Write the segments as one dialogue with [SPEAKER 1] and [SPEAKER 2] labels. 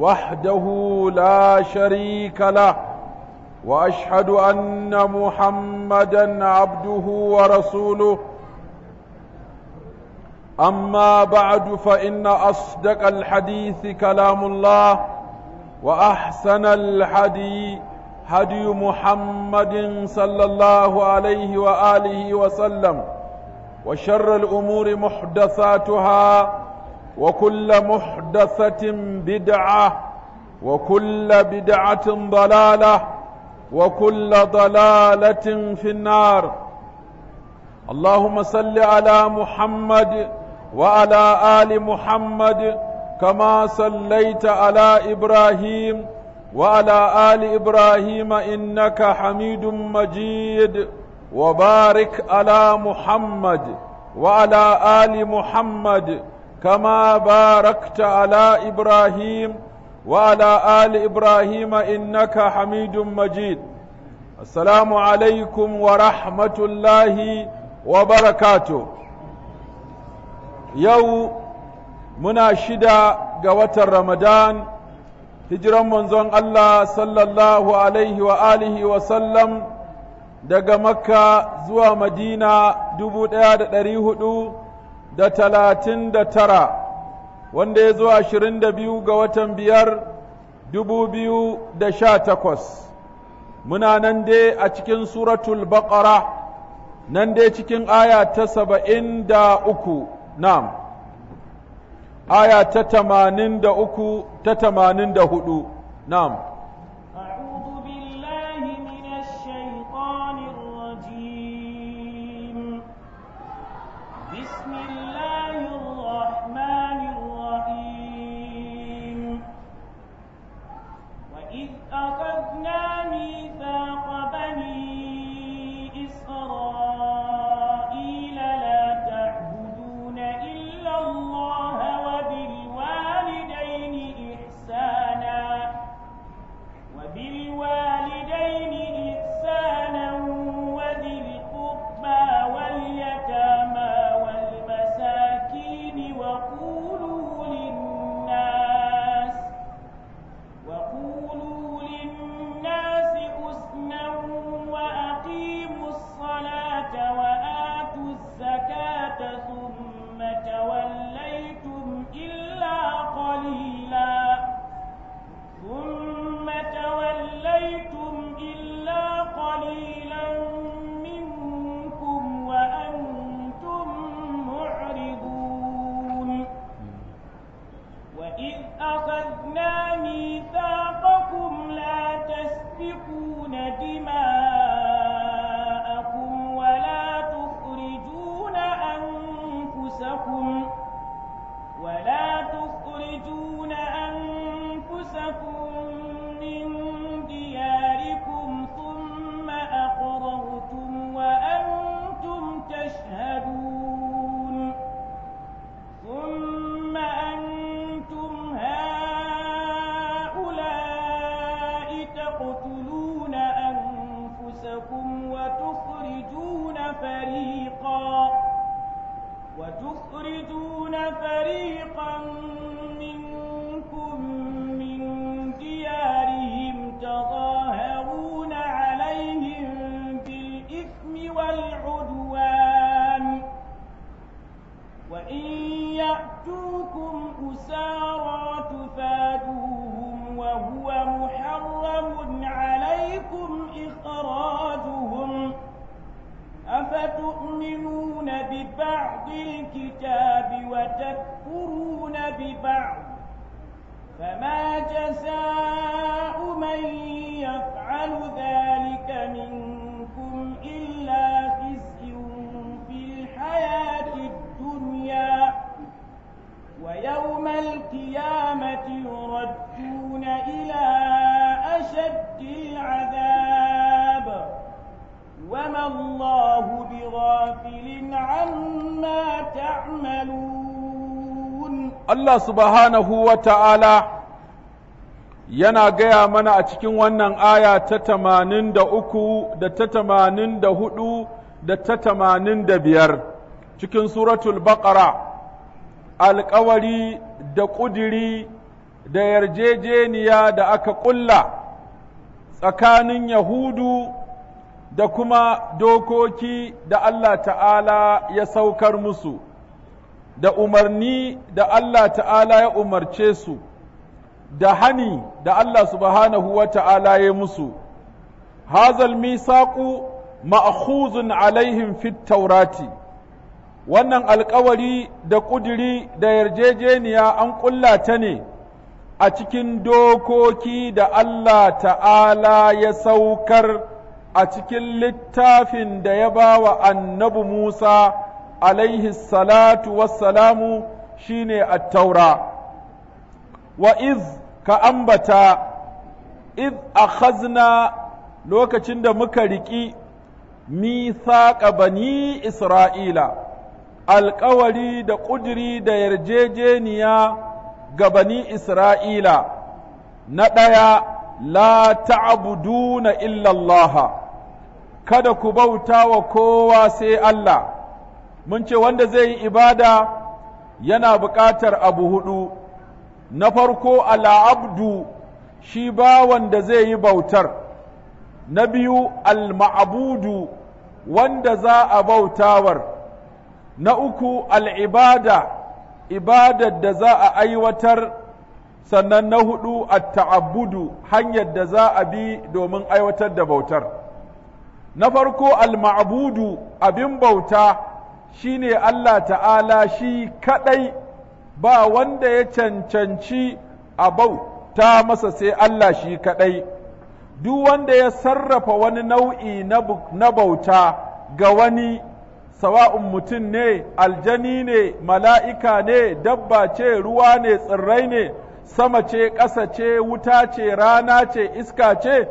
[SPEAKER 1] وحده لا شريك له واشهد ان محمدا عبده ورسوله اما بعد فان اصدق الحديث كلام الله واحسن الحدي هدي محمد صلى الله عليه واله وسلم وشر الامور محدثاتها وكل محدثة بدعة وكل بدعة ضلالة وكل ضلالة في النار اللهم صل على محمد وعلى آل محمد كما صليت على إبراهيم وعلى آل إبراهيم إنك حميد مجيد وبارك على محمد وعلى آل محمد كما باركت على إبراهيم وعلى آل إبراهيم إنك حميد مجيد السلام عليكم ورحمة الله وبركاته Yau muna shida ga watan Ramadan, hijiran manzon Allah sallallahu daga Makka zuwa Madina dubu ɗaya da ɗari huɗu. da talatin da tara wanda ya zo ashirin da biyu ga watan biyar dubu biyu da sha takwas muna nan dai a cikin suratul bakara nan dai cikin aya ta saba'in da uku na'am aya ta tamanin da uku ta tamanin da hudu na'am
[SPEAKER 2] منكم وتخرجون فريقا وتخرجون فريقا من تؤمنون ببعض الكتاب وتكفرون ببعض فما جزاء من يفعل ذلك منكم إلا خزي في الحياة الدنيا ويوم القيامة يردون إلى أشد العذاب وما الله بغافل عما تعملون
[SPEAKER 1] الله سبحانه وتعالى yana gaya mana a cikin wannan aya ta tamanin da uku da ta tamanin da hudu da ta tamanin da biyar cikin suratul baƙara alƙawari da ƙudiri da yarjejeniya da aka ƙulla tsakanin yahudu da kuma dokoki da Allah ta'ala ya saukar musu, da umarni da Allah ta'ala ya umarce su, da hani da Allah subhanahu wa ta'ala ya musu. Hazal misaku ma'ahuzun alaihim fit taurati, wannan alkawari da ƙudiri da yarjejeniya an ƙulla ta ne. a cikin dokoki da Allah ta'ala ya saukar a cikin littafin da ya ba wa annabi Musa alaihi salatu wassalamu shine at-taura wa iz ka ambata iz akhazna lokacin da muka riƙi mithaqa bani isra'ila alƙawari da ƙudiri da yarjejeniya ga bani isra'ila na ɗaya la ta'buduna illallah kada ku bauta wa kowa sai Allah, mun ce wanda zai yi ibada yana buƙatar abu hudu, na farko al'abdu shi ba wanda zai yi bautar, na biyu al-ma'abudu wanda za a bautawar, na uku al'ibada, ibadar da za a aiwatar sannan na hudu at ta'abudu hanyar da za a bi domin aiwatar da bautar. na farko al-ma'budu abin bauta shine Allah ta'ala shi kadai ba wanda ya cancanci a bauta masa sai Allah shi kadai duk wanda ya sarrafa wani nau'i na bauta ga wani sawa'un mutum ne aljani ne mala'ika ne dabba ce ruwa ne tsirrai ne sama ce ƙasa ce wuta ce rana ce iska ce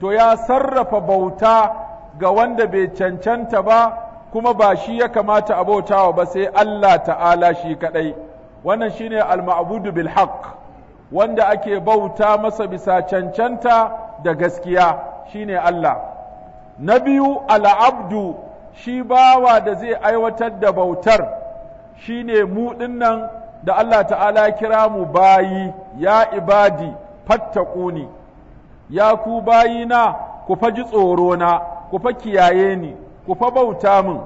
[SPEAKER 1] to ya sarrafa bauta ga wanda bai cancanta ba kuma ba shi ya kamata a bautawa ba sai Allah ta'ala shi kadai wannan shine al-ma'budu bil haqq wanda ake bauta masa bisa cancanta da gaskiya shine Allah na biyu al-abdu shi bawa da zai aiwatar da bautar shine mu dinnan da Allah ta'ala kira mu bayi ya ibadi fattaquni ya ku bayina ku faji tsoro na ku fa kiyaye ni ku fa bauta min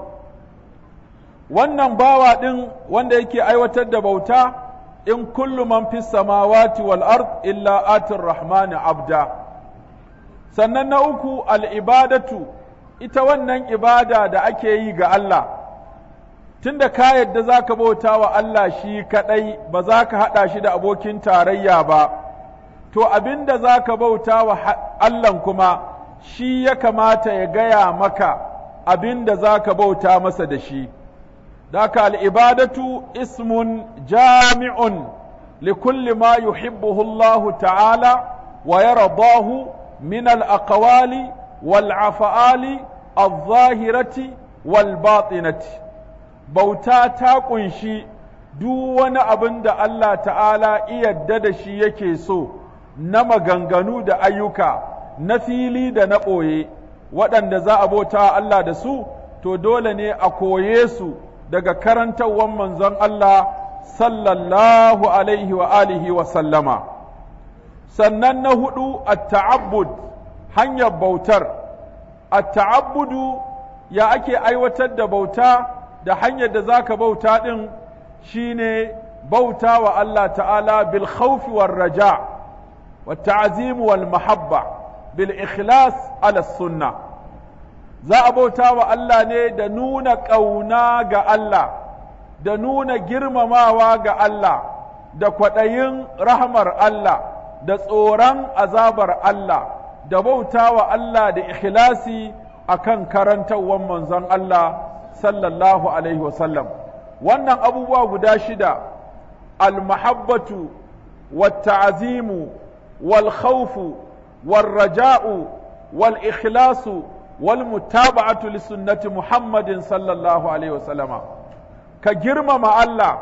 [SPEAKER 1] wannan bawa ɗin wanda yake aiwatar da bauta in kullu man fi samawati wal ard illa atir rahmani abda sannan na uku al'ibadatu ita wannan ibada da ake yi ga Allah tunda ka yadda za ka bauta wa Allah shi kaɗai ba za ka haɗa shi da abokin tarayya ba to abinda za ka bauta wa Allah kuma shi ya kamata ya gaya maka abin da za ka bauta masa da shi. Daka al'ibadatu ismun jami'un likulli ma yuhibbuhu Allah ta'ala wa ya rabahu min al'akawali wal'afa'ali al-zahirati wal-batinati. Bauta ta ƙunshi duk wani abin da Allah ta'ala iya da shi yake so na maganganu da ayyuka. na fili da na ɓoye waɗanda za a bauta Allah da su to dole ne a koye su daga karantarwan manzon Allah sallallahu alaihi wa alihi wa sallama sannan na hudu at-ta'abbud hanyar bautar a taabbudu ya ake aiwatar da bauta da hanyar da za ka bauta din shine bauta wa Allah ta'ala bil khawfi raja wa ta'zim wal mahabba bil ikhlas ala sunna za a bauta wa Allah ne da nuna ƙauna ga Allah da nuna girmamawa ga Allah da kwaɗayin rahmar Allah da tsoron azabar Allah da bauta wa Allah da ikhlasi kan karantawan manzon Allah sallallahu alaihi wasallam wannan abubuwa guda shida al-mahabbatu wat-ta'zimu wal khaufu. والرجاء والإخلاص والمتابعة لسنة محمد صلى الله عليه وسلم كجرم مع الله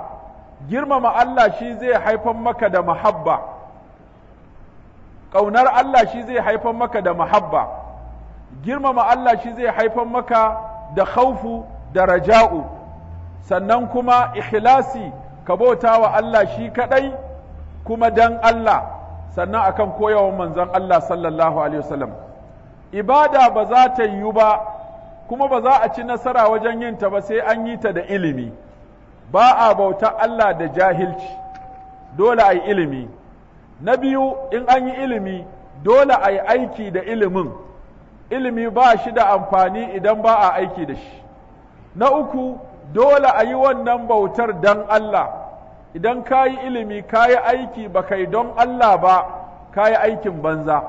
[SPEAKER 1] جرم مع الله شي زي حيفا مكة دا محبة قونر الله شي زي حيفا مكة دا محبة جرم مع الله شي زي حيفا مكة دا خوف دا رجاء سننكما إخلاصي كبوتا الله شي كدي كما دان الله sannan akan koyawan manzon Allah sallallahu alaihi wasallam ibada ba za ta yiwu ba kuma ba za a ci nasara wajen yin ta ba sai an yi ta da ilimi ba a bauta Allah da jahilci dole a yi ilimi na biyu in an yi ilimi dole a yi aiki da ilimin ilimi ba shi da amfani idan ba a aiki da shi na uku dole a yi wannan bautar dan Allah idan ka yi ilimi ka yi aiki ba kai don Allah ba ka yi aikin banza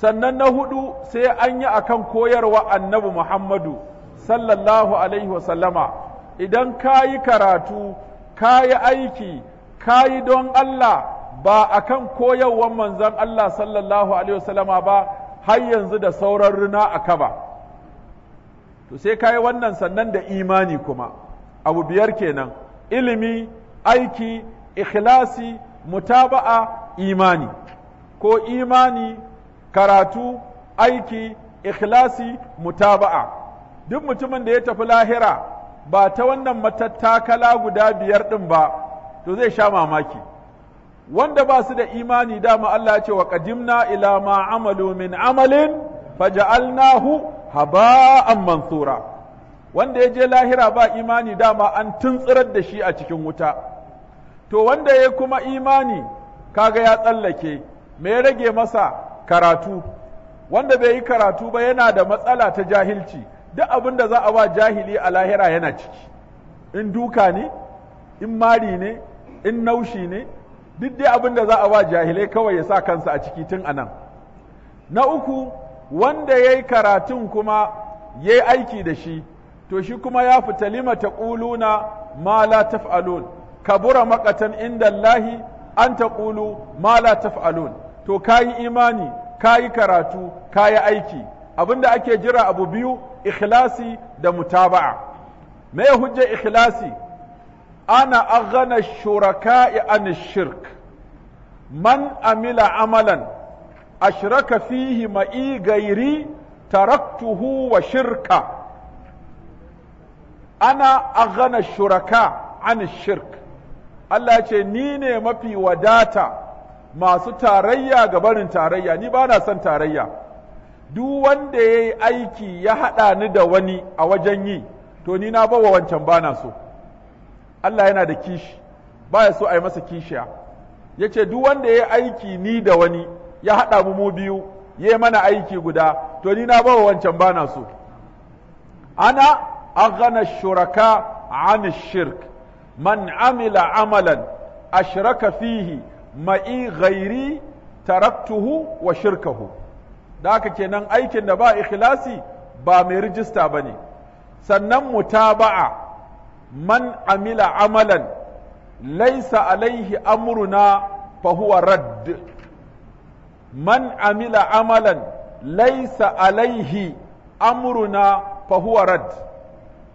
[SPEAKER 1] sannan na hudu sai an yi akan koyarwa annabi Muhammadu sallallahu alaihi wasallama idan ka yi karatu ka yi aiki ka yi don Allah ba akan koyarwar manzon Allah sallallahu alaihi wasallama ba har yanzu da sauran runa a kaba to sai ka yi wannan sannan da imani kuma abu biyar kenan ilimi aiki ikhlasi mutaba'a imani ko imani karatu aiki ikhlasi mutaba'a duk mutumin da ya tafi lahira ba ta wannan matattakala guda biyar ɗin ba to zai sha mamaki wanda ba su da imani dama Allah ya ce wa qadimna ila ma amalu min amalin faja'alnahu haba'an mansura wanda ya je lahira ba imani dama an tuntsirar da shi a cikin wuta to wanda ya kuma imani kaga ya tsallake mai ya rage masa karatu wanda bai yi karatu ba yana da matsala ta jahilci duk abin da za a ba jahili a lahira yana ciki in duka ne in mari ne in naushi ne duk dai abin da za a ba jahilai kawai ya sa kansa a ciki tun anan na uku wanda ya yi karatun kuma ya yi aiki da shi to shi kuma ya fita lima taquluna ma la taf'alun kabura maqatan inda Allahi an taqulu ma la taf'alun to kayi imani kayi karatu kayi aiki abinda ake jira abu biyu ikhlasi da mutaba'a me hujja ikhlasi ana aghana shuraka'i an shirk man amila amalan ashraka fihi ma'i gairi taraktuhu wa shirka ana aghana shuraka an shirk Allah ce ni ne mafi wadata masu tarayya ga barin tarayya ni ba na son tarayya duk wanda ya yi aiki ya haɗa ni da wani a wajen yi to ni na bawa wancan ba na so Allah yana da kishi ba ya so a yi masa kishiya yace ce duk wanda ya yi aiki ni da wani ya haɗa mu mu biyu ya yi mana aiki guda to ni na bawa wancan ba na so ana أغنى الشركاء عن الشرك من عمل عملا أشرك فيه معي غيري تركته وشركه ذاك kenan aikin da ba ikhlasi ba mai rijista ne. sannan mutaba'a man amila amalan laisa alaihi amruna fa huwa man amila amalan laysa alaihi amruna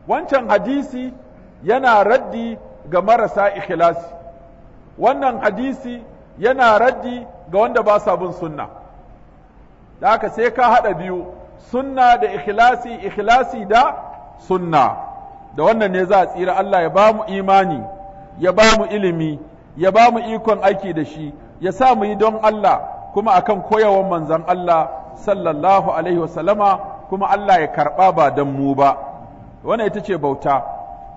[SPEAKER 1] wancan hadisi yana raddi ga marasa ikhlasi wannan hadisi yana raddi ga wanda ba sa bin sunna da haka sai ka haɗa biyu sunna da ikhlasi ikhlasi da sunna da wannan ne za a tsira Allah ya ba mu imani ya ba mu ilimi ya ba mu ikon aiki da shi ya sa mu yi don Allah kuma akan koyawan manzon Allah sallallahu alaihi wasallama kuma Allah ya karɓa ba don mu ba wannan ita ce bauta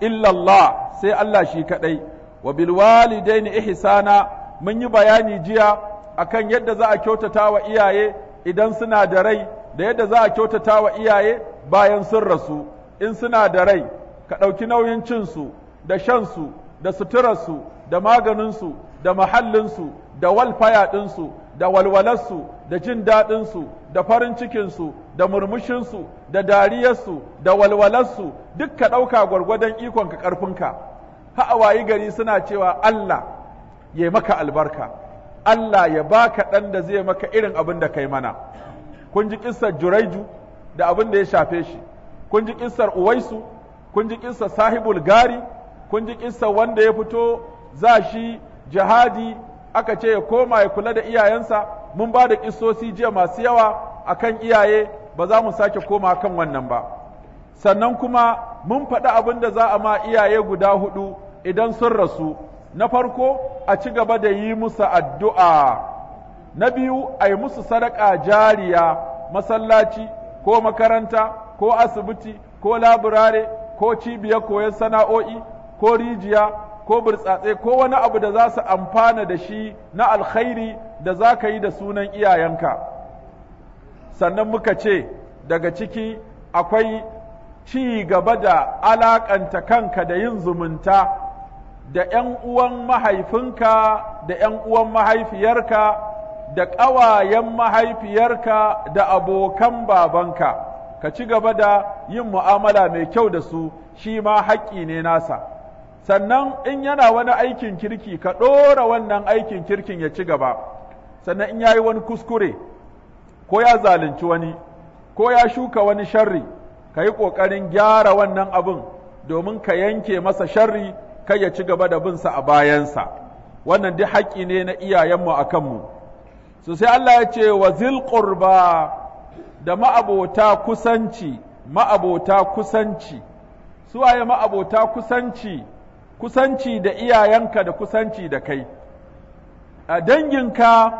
[SPEAKER 1] illallah sai Allah shi kaɗai wa bil walidaini ihsana mun yi bayani jiya akan yadda za a kyautata wa iyaye idan suna da rai da yadda za a kyautata wa iyaye bayan sun rasu in suna da rai ka ɗauki nauyin cinsu da shansu da suturarsu da maganinsu da mahallinsu da walfaya ɗinsu da walwalarsu da jin daɗinsu da farin cikinsu da murmushinsu da dariyarsu da walwalarsu duk ka ɗauka gwargwadon ikonka ƙarfinka ha'awayi gari suna cewa Allah ya maka albarka Allah ya baka ɗan da zai maka irin abin da kai mana kun ji kissar juraiju da abin da ya shafe shi kun ji kissar uwaisu kun ji kissar sahibul gari kun ji kissar wanda ya fito za shi jihadi aka ce ya koma ya kula da iyayensa mun ba da ƙisosi jiya masu yawa a kan iyaye ba za mu sake koma kan wannan ba sannan kuma mun faɗi abin da za a ma iyaye guda hudu idan sun rasu na farko a ci gaba da yi musu addu'a na biyu a yi musu sadaka jariya masallaci ko makaranta ko asibiti ko laburare ko cibiyar koyon sana'o'i ko rijiya ko burtsatse ko wani abu da za su amfana da shi na alkhairi da za ka yi da sunan iyayenka sannan muka ce daga ciki akwai ci gaba da alaƙanta kanka da yin zumunta da ‘yan uwan mahaifinka da ‘yan uwan mahaifiyarka da ƙawayen mahaifiyarka da abokan babanka ka ci gaba da yin mu'amala mai kyau da su shi ma haƙƙi ne nasa. sannan in yana wani aikin kirki ka ɗora wannan aikin kirkin ya ci gaba sannan in ya yi wani kuskure ko ya zalunci wani ko ya shuka wani sharri ka yi ƙoƙarin gyara wannan abin domin ka yanke masa sharri kai ya ci gaba da binsa a bayansa wannan duk haƙƙi ne na iyayenmu a kanmu su sai Allah ya ce wa zil ƙurba da ma'abota kusanci ma'abota kusanci suwaye ma'abota kusanci kusanci da iyayenka da kusanci da kai a danginka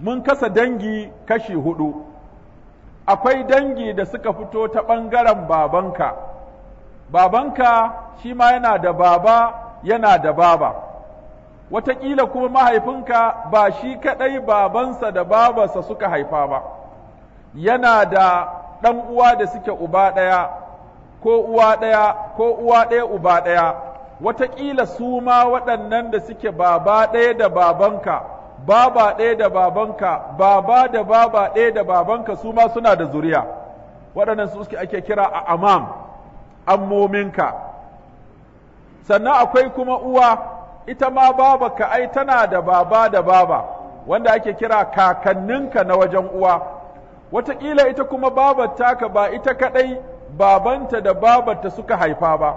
[SPEAKER 1] mun kasa dangi kashi hudu akwai dangi da suka fito ta ɓangaren babanka babanka shi ma yana da baba yana da baba wataƙila kuma mahaifinka ba shi kaɗai babansa da babansa suka haifa ba, yana da ɗan uwa da suke uba ɗaya, ko uwa ɗaya, ko uwa ɗaya uba ɗaya, wataƙila suma waɗannan da suke baba ɗaya da babanka, baba ɗaya da babanka, baba da baba ɗaya da babanka suma suna da zuriya, waɗannan su suke ake kira a amam, ammominka. Sannan akwai kuma uwa, ita ma babaka ai tana da baba da baba, wanda ake kira kakanninka na wajen uwa. Wataƙila ita kuma babar taka ba ita kaɗai babanta da babanta suka haifa ba.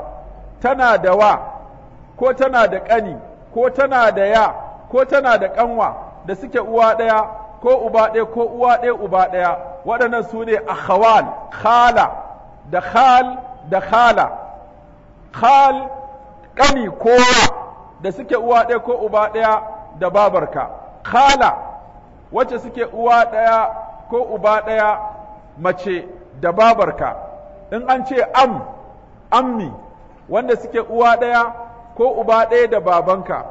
[SPEAKER 1] tana da wa ko tana da ƙani ko tana da ya ko tana da ƙanwa da suke uwa ɗaya ko uba ɗaya ko uwa ɗaya uba ɗaya waɗannan su ne a akhawal khala da khal da khala khal ƙani ko da suke uwa ɗaya ko uba ɗaya da babarka khala wacce suke uwa ɗaya ko uba ɗaya mace da babarka in an ce am ammi wanda suke uwa ɗaya ko uba ɗaya da babanka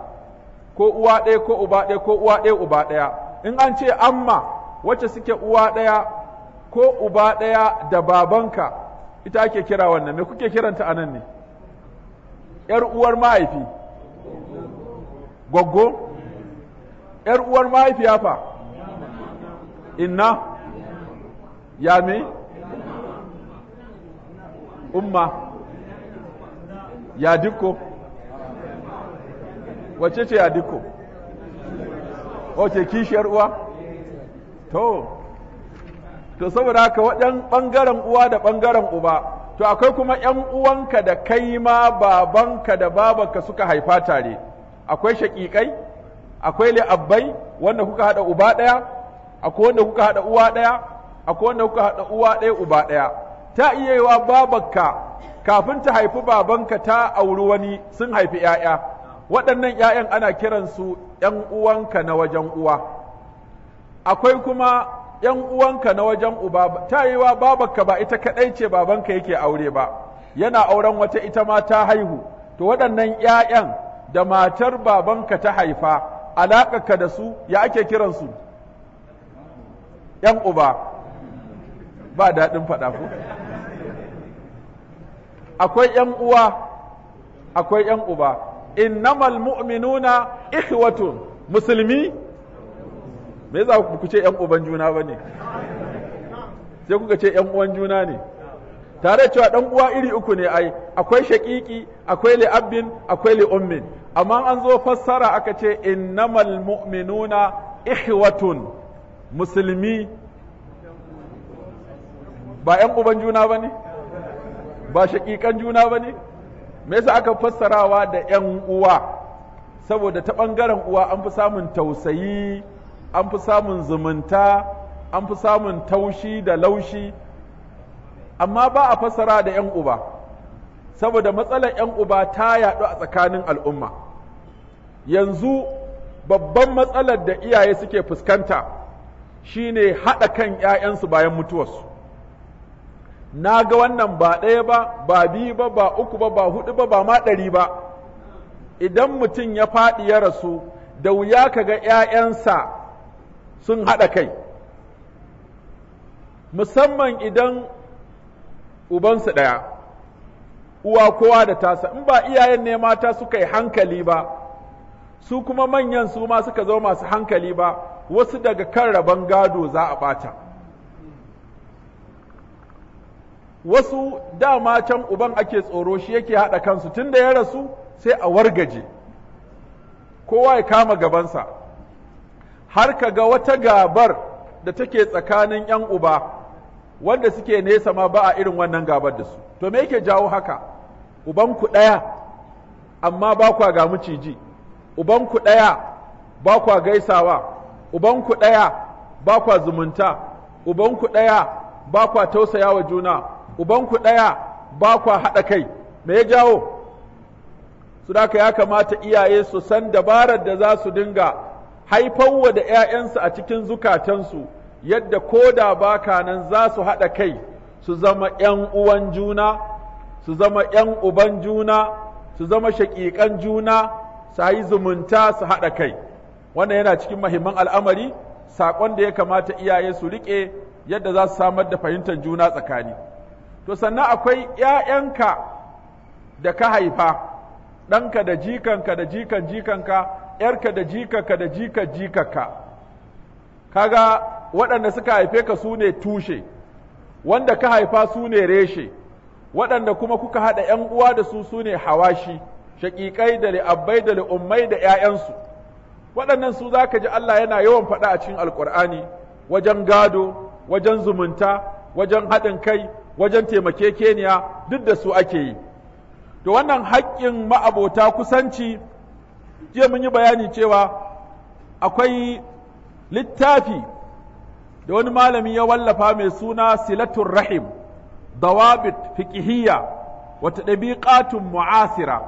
[SPEAKER 1] ko uwa ɗaya ko uba ɗaya ko uwa ɗaya uba ɗaya in an ce amma wacce suke uwa ɗaya ko uba ɗaya da babanka ita ake kira wannan me kuke kiranta anan ne ‘yar uwar mahaifi Goggo. ‘yar uwar mahaifi fa inna ya me umma ya wace ce ya wace kishiyar uwa to to saboda haka waɗan ɓangaren uwa da ɓangaren uba to akwai kuma ‘yan uwanka da kai ma babanka da babanka suka haifa tare akwai shaƙiƙai akwai li'abbai wanda kuka haɗa uba ɗaya akwai wanda kuka haɗa uwa ɗaya akwai wanda kuka haɗa uwa ɗaya uba ɗaya ta iya yiwa babanka kafin ta haifi babanka ta auri wani sun haifi ‘ya'ya, waɗannan ‘ya'yan ana kiransu ‘yan uwanka na wajen uwa, akwai kuma ‘yan uwanka na wajen uba, ta yi wa babanka ba ita kaɗai ce babanka yake aure ba, yana auren wata ita ma ta haihu, to waɗannan ‘ya'yan da matar babanka ta haifa, alaƙarka da su ya ake kiransu? ‘yan uba, ba daɗin faɗa ko? akwai ‘yan uwa, akwai ‘yan uba, innamal mu'minuna ihwatun musulmi, me za ku ce ‘yan uban juna ba ne, sai kuka ce ‘yan uwan juna ne, tare cewa ɗan uwa iri uku ne ai, akwai shaƙiƙi, akwai li'abbin, akwai li'ummin, amma an zo fassara aka ce innamal mu'minuna ihwatun musulmi ba ‘yan uban juna ba ne? ba shaƙiƙan juna ba ne me yasa aka fassarawa da 'yan uwa saboda ta ɓangaren uwa an fi samun tausayi an fi samun zumunta an fi samun taushi da laushi amma ba a fassara da 'yan uba saboda matsalar 'yan uba ta yaɗu a tsakanin al'umma yanzu babban matsalar da iyaye suke fuskanta shine haɗa kan 'ya'yansu bayan mutuwarsu na ga wannan ba ɗaya ba ba biyu ba ba uku ba ba hudu ba ba ma ɗari ba idan mutum ya faɗi ya rasu da wuya ka ga ‘ya'yansa sun haɗa kai musamman idan ubansu ɗaya uwa kowa da tasa in ba iyayen ne mata suka yi hankali ba su kuma manyan su ma suka zo masu hankali ba wasu daga kan rabon gado za a ɓata wasu dama can uban ake tsoro shi yake haɗa kansu tun da ya rasu sai a wargaje kowa ya kama gabansa har ka ga wata gabar da take tsakanin ‘yan uba wanda suke nesa ma ba a irin wannan gabar da su to me yake jawo haka ubanku ɗaya amma ba kwa ga miciji ubanku ɗaya ba kwa gaisawa ubanku ɗaya ba kwa zumunta ubanku ɗaya ba kwa tausaya wa juna ubanku ɗaya ba kwa haɗa kai me ya jawo su ya kamata iyaye su san dabarar da za su dinga wa da 'ya'yansu a cikin zukatansu yadda ko da baka nan za su haɗa kai su zama 'yan uwan juna su zama 'yan uban juna su zama shaƙiƙan juna su yi zumunta su haɗa kai wannan yana cikin mahimman al'amari saƙon da ya kamata iyaye su riƙe yadda za su samar da fahimtar juna tsakani. to sannan akwai ‘ya'yanka da ka haifa ɗanka da jikanka da jikan jikanka ‘yarka da jikanka da jikan jikanka kaga waɗanda suka haife ka su ne tushe wanda ka haifa su ne reshe waɗanda kuma kuka haɗa ‘yan uwa da su su ne hawashi shaƙiƙai da li'abbai da li'ummai da ‘ya'yansu waɗannan su za ka ji Allah yana yawan faɗa a cikin alƙur'ani wajen gado wajen zumunta wajen haɗin kai wajen taimake keniya duk da su ake yi to wannan haƙƙin ma'abota kusanci jiya mun yi bayani cewa akwai littafi da wani malami ya wallafa mai suna silatun rahim dawabit fiƙihiyya wata ɗabiƙatun mu'asira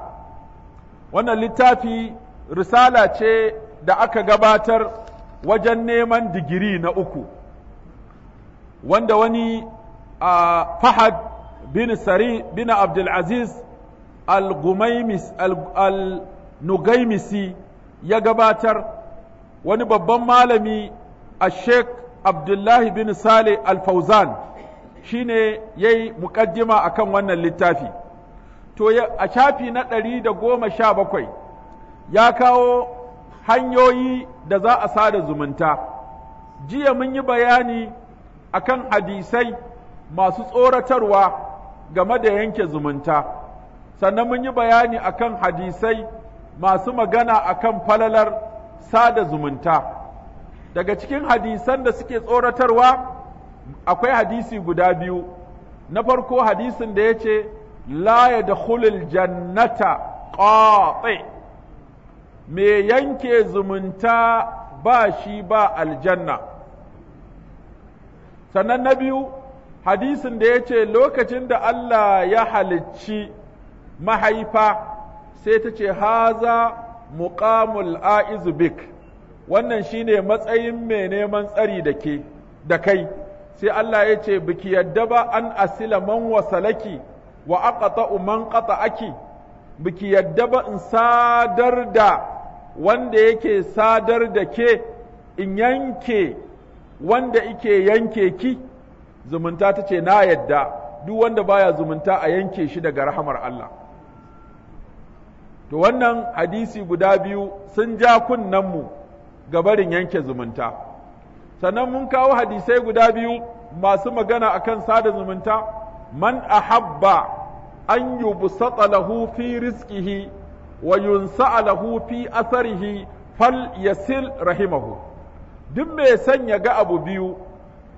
[SPEAKER 1] wannan littafi risala ce da aka gabatar wajen neman digiri na uku wanda wani fahad bin sari bin abdulaziz al ya gabatar wani babban malami a sheikh abdullahi bin sale al-fauzan shi ne ya yi muƙaddima a kan wannan littafi to a shafi na ɗari da goma sha bakwai ya kawo hanyoyi da za a sada zumunta jiya mun yi bayani akan hadisai masu tsoratarwa game da yanke zumunta sannan mun yi bayani akan hadisai masu magana akan falalar sada zumunta daga cikin hadisan da suke tsoratarwa akwai hadisi guda biyu na farko hadisin da ya ce la da jannata ƙwaɓe me yanke zumunta ba shi ba aljanna sannan na biyu hadisin da ya ce lokacin da Allah ya halicci mahaifa sai ta ce haza muqamul aizu bik wannan shine matsayin mai neman tsari da ke da kai sai Allah ya ce biki yadda ba an asila man wasalaki wa aqata man aki biki yadda ba in sadar da wanda yake sadar da ke in yanke wanda ike yanke ki zumunta ta ce na yadda duk wanda baya zumunta a yanke shi daga rahamar Allah to wannan hadisi guda biyu sun ja kunnenmu ga barin yanke zumunta sannan mun kawo hadisai guda biyu masu magana akan sada zumunta man ahabba an yubsata lahu fi rizqihi wa yunsa'a lahu fi asarihi fal yasil rahimahu duk mai sanya ga abu biyu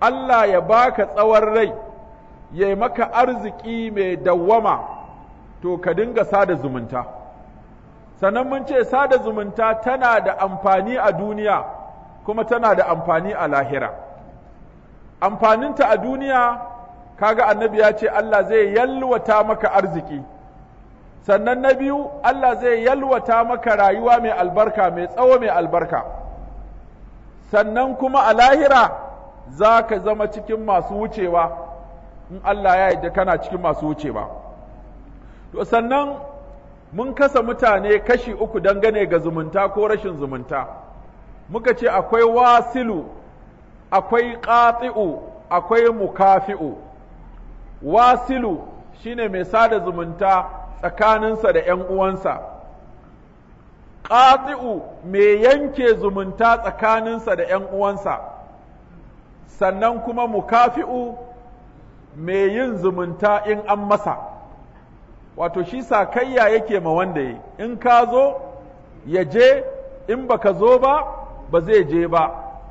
[SPEAKER 1] Allah ya baka tsawon rai ya maka arziki mai dawwama to ka dinga sada zumunta sannan mun ce sada zumunta tana da amfani a duniya kuma tana da amfani a lahira amfaninta a duniya kaga annabi ya ce Allah zai yalwata maka arziki sannan na biyu Allah zai yalwata maka rayuwa mai albarka mai tsawo mai albarka sannan kuma a lahira za ka zama cikin masu wucewa in Allah ya yi yarda kana cikin masu wucewa to sannan mun kasa mutane kashi uku dangane ga zumunta ko rashin zumunta muka ce akwai wasilu akwai qati'u akwai mukafi'u wasilu shine mai sada zumunta tsakaninsa da ‘yan uwansa, ƙati'u mai yanke zumunta tsakaninsa da ‘yan uwansa, sannan kuma mukafi'u mai yin zumunta in an masa wato shi sakayya yake ma wanda yi in ka zo ya je in baka zo ba ba zai je ba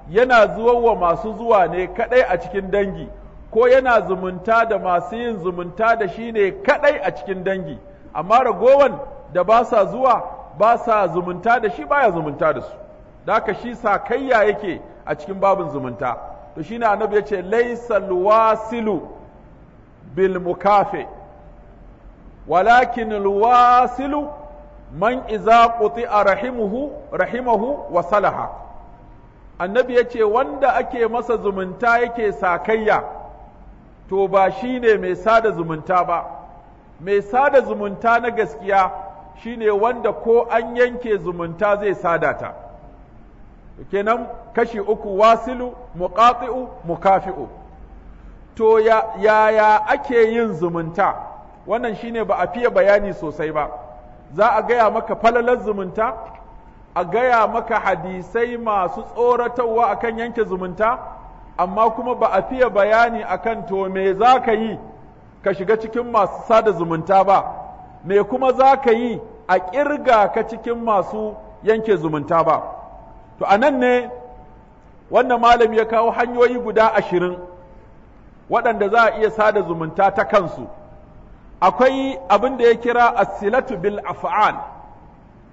[SPEAKER 1] yana zuwa masu zuwa ne kadai a cikin dangi ko yana zumunta da masu yin zumunta da shi ne kadai a cikin dangi amma ragowan da ba sa zuwa ba sa zumunta da shi baya zumunta da su da shi sakayya yake a cikin babin zumunta to shine annabi yace laysal wasilu bil mukafi walakin al wasilu man iza quti'a rahimuhu rahimahu wa salaha annabi yace wanda ake masa zumunta yake sakayya to ba shine mai sada zumunta ba mai sada zumunta na gaskiya shine wanda ko an yanke zumunta zai sadata. ta kenan kashi uku wasilu muqati'u mukafi'u to ya yaya ake yin zumunta wannan shine ba a fiye bayani sosai ba za a gaya maka falalar zumunta a gaya maka hadisai masu tsoratarwa akan yanke zumunta amma kuma ba a fiye bayani akan to me za ka yi ka shiga cikin masu sada zumunta ba me kuma za ka yi a ƙirga ka cikin masu yanke zumunta ba to anan ne wannan malam ya kawo hanyoyi guda ashirin waɗanda za a iya sada zumunta ta kansu akwai abin da ya kira asilatu bil af'al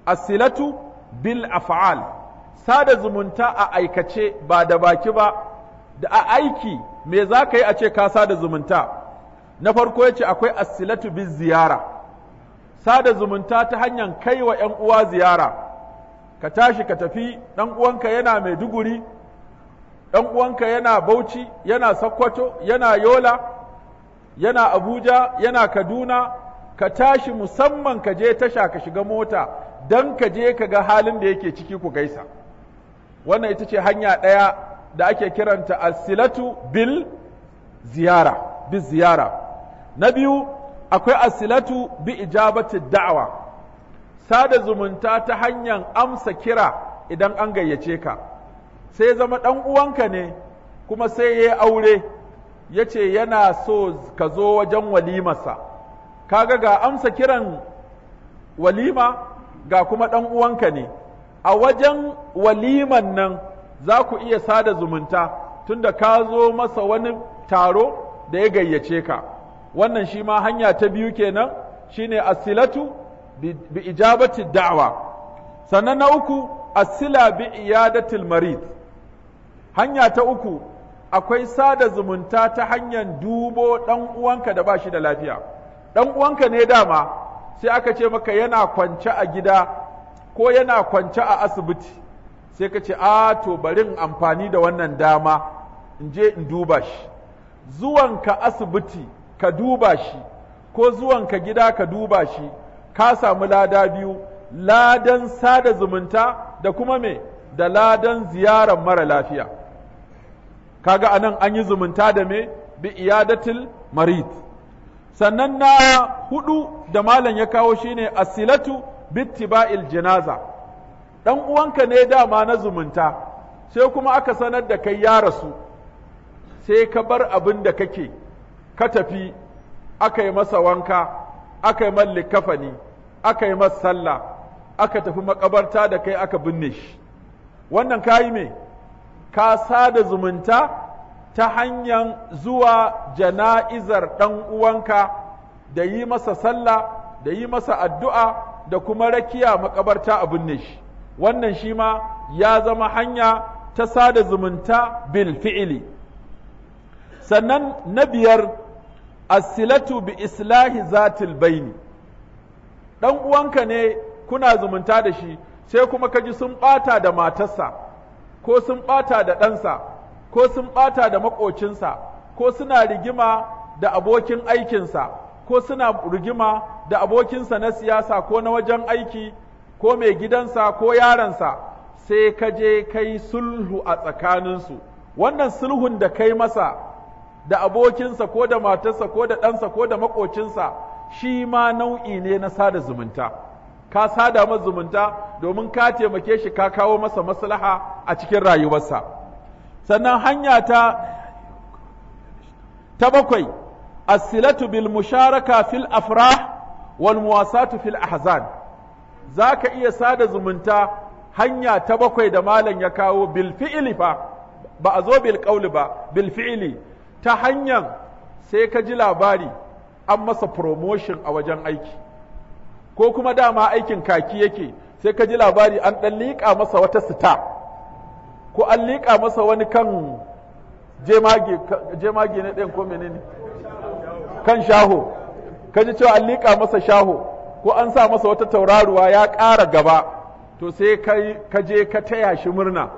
[SPEAKER 1] asilatu bil af'al sada zumunta a aikace ba da baki ba da a aiki me za ka yi a ce ka sada zumunta na farko ya ce akwai asilatu bil ziyara sada zumunta ta hanyar kai wa ‘yan uwa ziyara ka tashi ka tafi ɗan uwanka yana maiduguri ɗan uwanka yana bauchi yana sakkwato yana yola yana abuja yana kaduna ka tashi musamman ka je tasha ka shiga mota don ka je ka ga halin da yake ciki ku gaisa wannan ita ce hanya ɗaya da ake kiranta asilatu bil ziyara na biyu akwai asilatu bi ijabatu da'awa sada zumunta ta hanyar amsa kira idan an gayyace ka sai zama ɗan uwanka ne kuma sai ya aure ya ce yana so ka zo wajen walimarsa kaga ga amsa kiran walima ga kuma ɗan uwanka ne a wajen waliman nan za ku iya sada zumunta tunda ka zo masa wani taro da ya gayyace ka wannan shi ma hanya ta biyu kenan shine asilatu bi ijabati da'wa sannan na uku asila bi iyadatil marid hanya ta uku akwai sada zumunta ta hanyar dubo dan uwanka da ba shi da lafiya dan uwanka ne dama sai aka ce maka yana kwance a gida ko yana kwance a asibiti sai ka ce a to barin amfani da wannan dama in je in duba shi zuwanka asibiti ka duba shi ko zuwanka gida ka duba shi ka samu lada biyu ladan sada zumunta da kuma me da ladan ziyarar mara lafiya kaga anan an yi zumunta da me bi iyadatil marid sannan na hudu da malam ya kawo shine asilatu bittiba'il janaza dan uwanka ne dama na zumunta sai kuma aka sanar da kai ya rasu sai ka bar abin da kake ka tafi aka yi masa wanka aka yi man likafani aka yi masa sallah aka tafi makabarta da kai aka binne shi wannan kayi me ka sada zumunta ta hanyar zuwa jana'izar ɗan uwanka da yi masa sallah da yi masa addu'a da kuma rakiya makabarta a binne shi wannan shi ma ya zama hanya ta sada zumunta bil fi'ili sannan na biyar as-silatu bi islahi zatil baini dan uwanka ne kuna zumunta da shi sai kuma kaji sun bata da matarsa ko sun bata da ɗansa ko sun bata da makocinsa ko suna rigima da abokin aikinsa ko suna rigima da abokinsa na siyasa ko na wajen aiki ko mai gidansa ko yaransa sai kaje kai sulhu a tsakaninsu wannan sulhun da kai masa da abokinsa ko da matarsa ko da ɗansa ko da maƙocinsa shi ma nau'i ne na sada zumunta ka sada ma zumunta domin ka taimake shi ka kawo masa maslaha a cikin rayuwarsa sannan hanya ta ta bakwai asilatu bil musharaka fil afrah wal muwasatu fil ahzan zaka iya sada zumunta hanya ta bakwai da malam ya kawo bil fi'li fa ba a zo bil qawli ba bil fi'li ta hanyar sai ka ji labari an masa promotion a wajen aiki ko kuma dama aikin kaki yake sai ka ji labari an ɗan liƙa masa wata sita ko an liƙa masa wani kan jemage na ɗin ne kan shaho ka ji cewa an liƙa masa shaho ko an sa masa wata tauraruwa ya ƙara gaba to sai ka je ka taya shi murna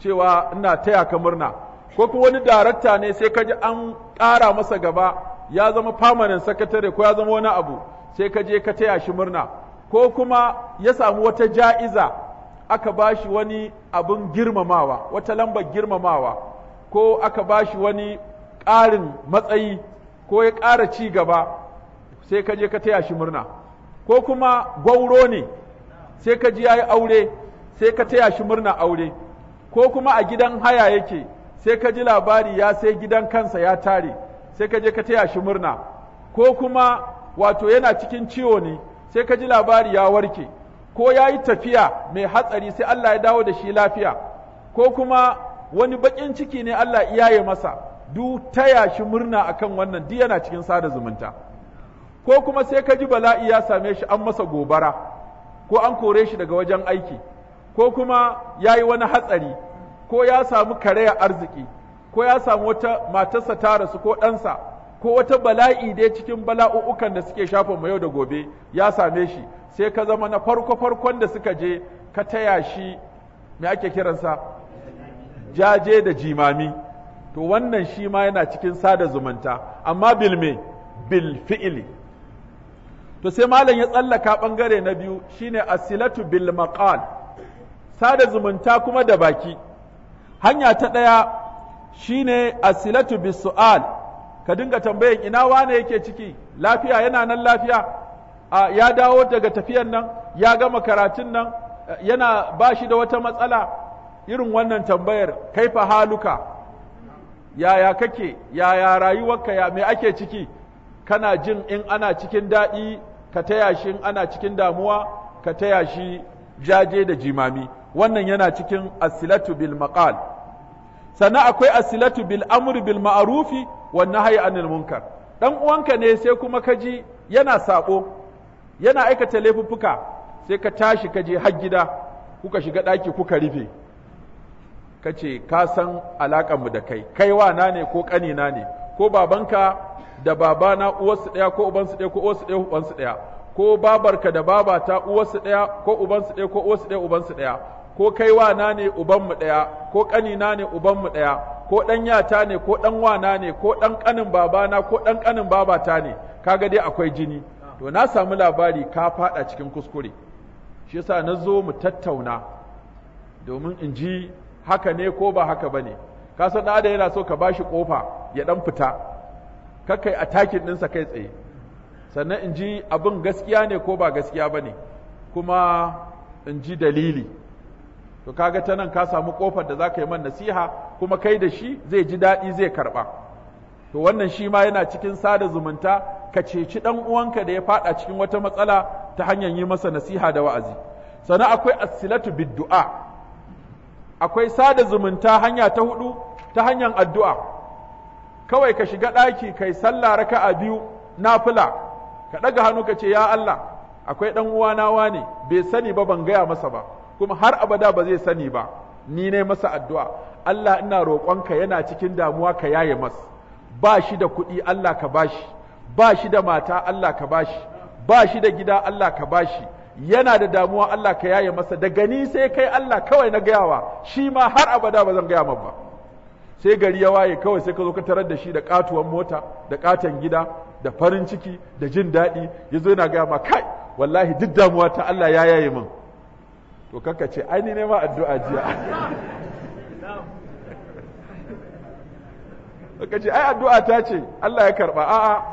[SPEAKER 1] cewa ina taya ka murna ko kuma wani darakta ne sai kaji an ƙara masa gaba ya zama permanent sakatare ko ya zama wani abu sai ka je ka taya shi murna ko kuma ya samu wata ja'iza aka ba shi wani abin girmamawa wata lambar girmamawa ko aka ba shi wani ƙarin matsayi ko ya ƙara ci gaba sai ka ka taya shi murna ko kuma gwauro ne sai ka ji ya yi aure sai ka taya shi murna aure ko kuma a gidan haya yake sai ka ji labari ya sai gidan kansa ya tare sai ka je ka taya shi murna ko kuma wato yana cikin ciwo ne sai ka ji labari ya warke ko ya yi tafiya mai hatsari sai Allah ya dawo da shi lafiya ko kuma wani baƙin ciki ne Allah iyaye masa duk taya shi murna akan wannan duk yana cikin sada zumunta ko kuma sai ka ji bala'i ya same shi an masa gobara ko an kore shi daga wajen aiki ko kuma ya yi wani hatsari ko ya samu karayar arziki ko ya samu wata matarsa ta rasu ko ɗansa ko wata bala'i dai cikin bala'u'ukan da suke shafa mu yau da gobe ya same shi sai ka zama na farko farkon da suka je ka taya shi me ake kiransa jaje da jimami to wannan shi ma yana cikin sada zumunta amma bil me bil fi'ili to sai malam ya tsallaka bangare na biyu shine asilatu bil maqal sada zumunta kuma da baki hanya ta ɗaya shi ne asilatu Silatu Bisu'al ka dinga tambayan ina wane yake ciki lafiya yana nan lafiya A ya dawo daga tafiyan nan ya gama karatun nan yana ba shi da wata matsala irin wannan tambayar kaifa haluka yaya kake yaya rayuwarka ya me ake ciki kana jin in ana cikin daɗi ka taya shi in ana cikin damuwa ka taya shi jaje da jimami wannan yana cikin asilatu bil maqal sannan akwai asilatu bil amri bil ma'rufi wa nahyi anil munkar dan uwanka ne sai kuma ka ji yana sako yana aikata laifuffuka sai ka tashi ka je har gida kuka shiga daki kuka rufe ka ce ka san alaƙar mu da kai kai wa na ne ko ƙanina ne ko babanka da babana uwarsu ɗaya ko ubansu ɗaya ko uwarsu ɗaya ubansu ɗaya ko babarka da babata uwarsu ɗaya ko ubansu ɗaya ko uwarsu ɗaya ubansu ɗaya ko wa na ne ubanmu ɗaya ko ƙanina ne ubanmu ɗaya ko ɗan yata ne ko ɗan wana ne ko ɗan ƙanin babana ko ɗan ƙanin babata ne ka ga dai akwai jini to na samu labari ka faɗa cikin kuskure shi yasa na zo mu tattauna domin in ji haka ne ko ba haka bane ka san da yana so ka bashi kofa ya ɗan fita kakai takin ɗinsa kai tsaye sannan in ji abin gaskiya ne ko ba gaskiya bane kuma in ji dalili to kaga ta nan ka samu kofar da za ka yi man nasiha kuma kai da shi zai ji daɗi zai karɓa to wannan shi ma yana cikin sada zumunta ka ceci ɗan uwanka da ya faɗa cikin wata matsala ta hanyar yi masa nasiha da wa'azi sannan akwai asilatu biddu'a akwai sada zumunta hanya ta hudu ta hanyar addu'a kawai ka shiga ɗaki kai sallah raka'a biyu nafila ka ɗaga hannu ka ce ya Allah akwai ɗan uwana wane bai sani ba ban gaya masa ba kuma har abada ba zai sani ba ni ne masa addu'a Allah ina roƙonka yana cikin damuwa ka yaye masa. ba shi da kuɗi Allah ka bashi ba shi da mata Allah ka bashi ba shi da gida Allah ka bashi yana da damuwa Allah ka yaye masa da gani sai kai Allah kawai na gayawa shi ma har abada ba zan gaya ma ba sai gari ya waye kawai sai ka zo ka tarar da shi da katuwan mota da katon gida da farin ciki da jin daɗi ya zo yana gaya ma kai wallahi duk damuwa ta Allah ya yaye min to kaka ce ai ni ne ma addu'a jiya kaka ce ai addu'a ta ce Allah ya karba a'a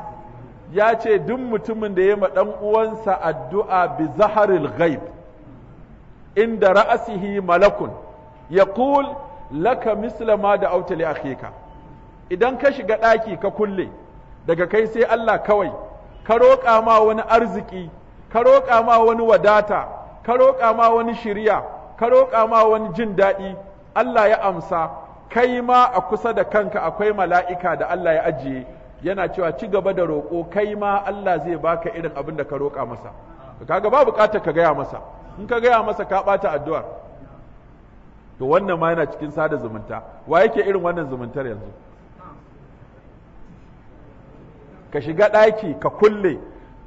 [SPEAKER 1] ya ce duk mutumin da ya ma dan uwansa addu'a bi zaharil ghaib inda ra'asihi malakun yaqul laka misla ma da auta li akhika idan ka shiga daki ka kulle daga kai sai Allah kawai ka roƙa ma wani arziki ka roƙa ma wani wadata ka roƙa ma wani shirya ka roƙa ma wani jin daɗi Allah ya amsa kai ma a kusa da kanka akwai mala'ika da Allah ya ajiye yana cewa ci gaba da roƙo kai ma Allah zai baka irin abin da ka roƙa masa kaga ba buƙatar ka gaya masa in ka gaya masa ka ɓata addu'ar to wannan ma yana cikin sada zumunta wa yake irin wannan zumuntar yanzu ka shiga ɗaki ka kulle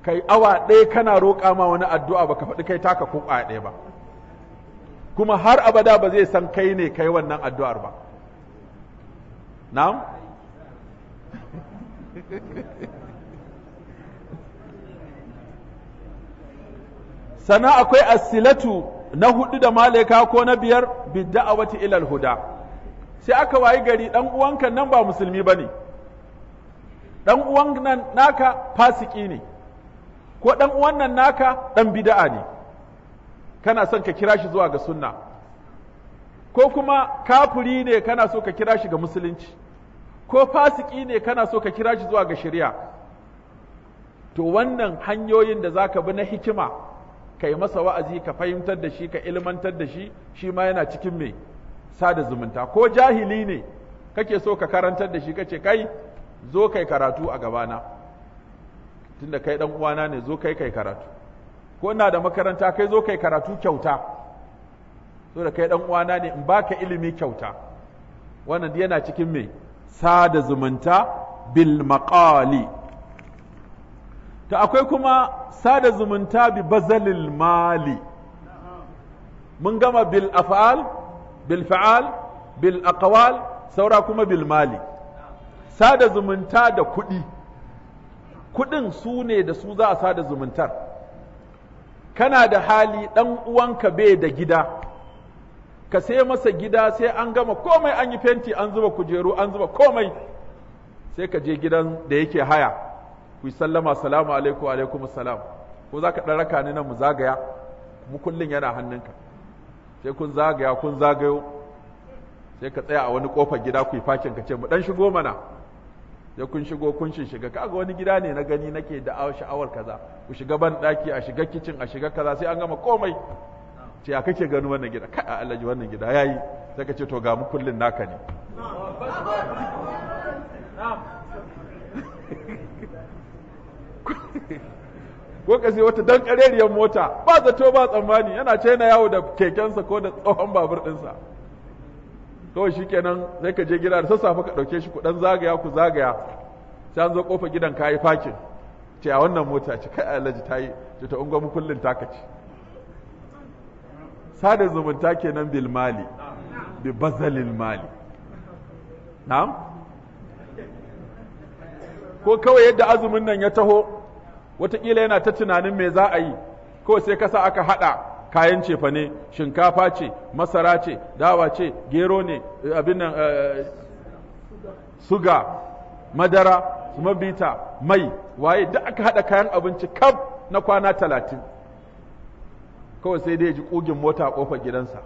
[SPEAKER 1] kai awa ɗaya kana roƙa ma wani addu'a ba baka faɗi kai taka ko ƙwaya ɗaya ba kuma har abada ba zai san kai ne kai wannan addu'ar ba na'am sana akwai asilatu na hudu da malaika ko na biyar bidda a wata ilal huda sai aka wayi gari dan uwanka nan ba musulmi bane dan uwan nan naka fasiki ne ko ɗan wannan naka ɗan bida'a ne kana son ka kira shi zuwa ga sunna ko kuma kafuri ne kana so ka kira shi ga musulunci ko fasiki ne kana so ka kira shi zuwa ga shari'a to wannan hanyoyin da za ka bi na hikima ka yi masa wa'azi ka fahimtar da shi ka ilmantar da shi shi ma yana cikin mai sada zumunta ko jahili ne kake so ka karantar da shi kace kai zo kai karatu a gabana tunda kai dan uwana ne zo kai kai karatu ko ina da makaranta kai zo kai karatu kyauta so da kai dan uwana ne in baka ilimi kyauta wannan yana cikin me sada zumunta bil maqali ta akwai kuma sada zumunta bi bazalil mali mun gama bil af'al bil fa'al bil aqwal saura kuma bil mali sada zumunta da kuɗi kuɗin su ne da su za a sada zumuntar kana da hali ɗan uwanka bai da gida ka sai masa gida sai an gama komai an yi fenti an zuba kujeru an zuba komai sai ka je gidan da yake haya ku yi sallama salamu alaikum alaikum salam ko za ka ɗaraka ni nan mu zagaya mu kullum yana hannunka sai kun zagaya kun zagayo sai ka tsaya a wani kofar gida ku yi fakin ka ce mu ɗan shigo mana ya kun shigo kun shiga kaga wani gida ne na gani nake da sha'awar kaza ku shiga ban daki a shiga kicin a shiga kaza sai an gama komai ce ya kake gani wannan gida ka alaji wannan gida yayi sai ka ce to ga mu kullun naka ne ko ka sai wata dan kareriyar mota ba zato ba tsammani yana ce na yawo da kekensa ko da tsohon babur ɗinsa kawai shi kenan sai ka je gida da sassafe ka ɗauke shi ku ɗan zagaya ku zagaya sai an zo ƙofa gidan ka yi fakin ce a wannan mota ce kai alhaji ta yi ce ta ungwa mukullin taka kaci sada zumunta kenan bil mali bi bazalil mali na'am ko kawai yadda azumin nan ya taho watakila yana ta tunanin me za a yi ko sai kasa aka haɗa kayan cefa ne shinkafa ce masara ce dawa ce gero ne eh, abin nan eh, suga madara mabita mai waye duk aka haɗa kayan abinci kaf na kwana talatin kawai sai dai ji ƙugin mota a kofar gidansa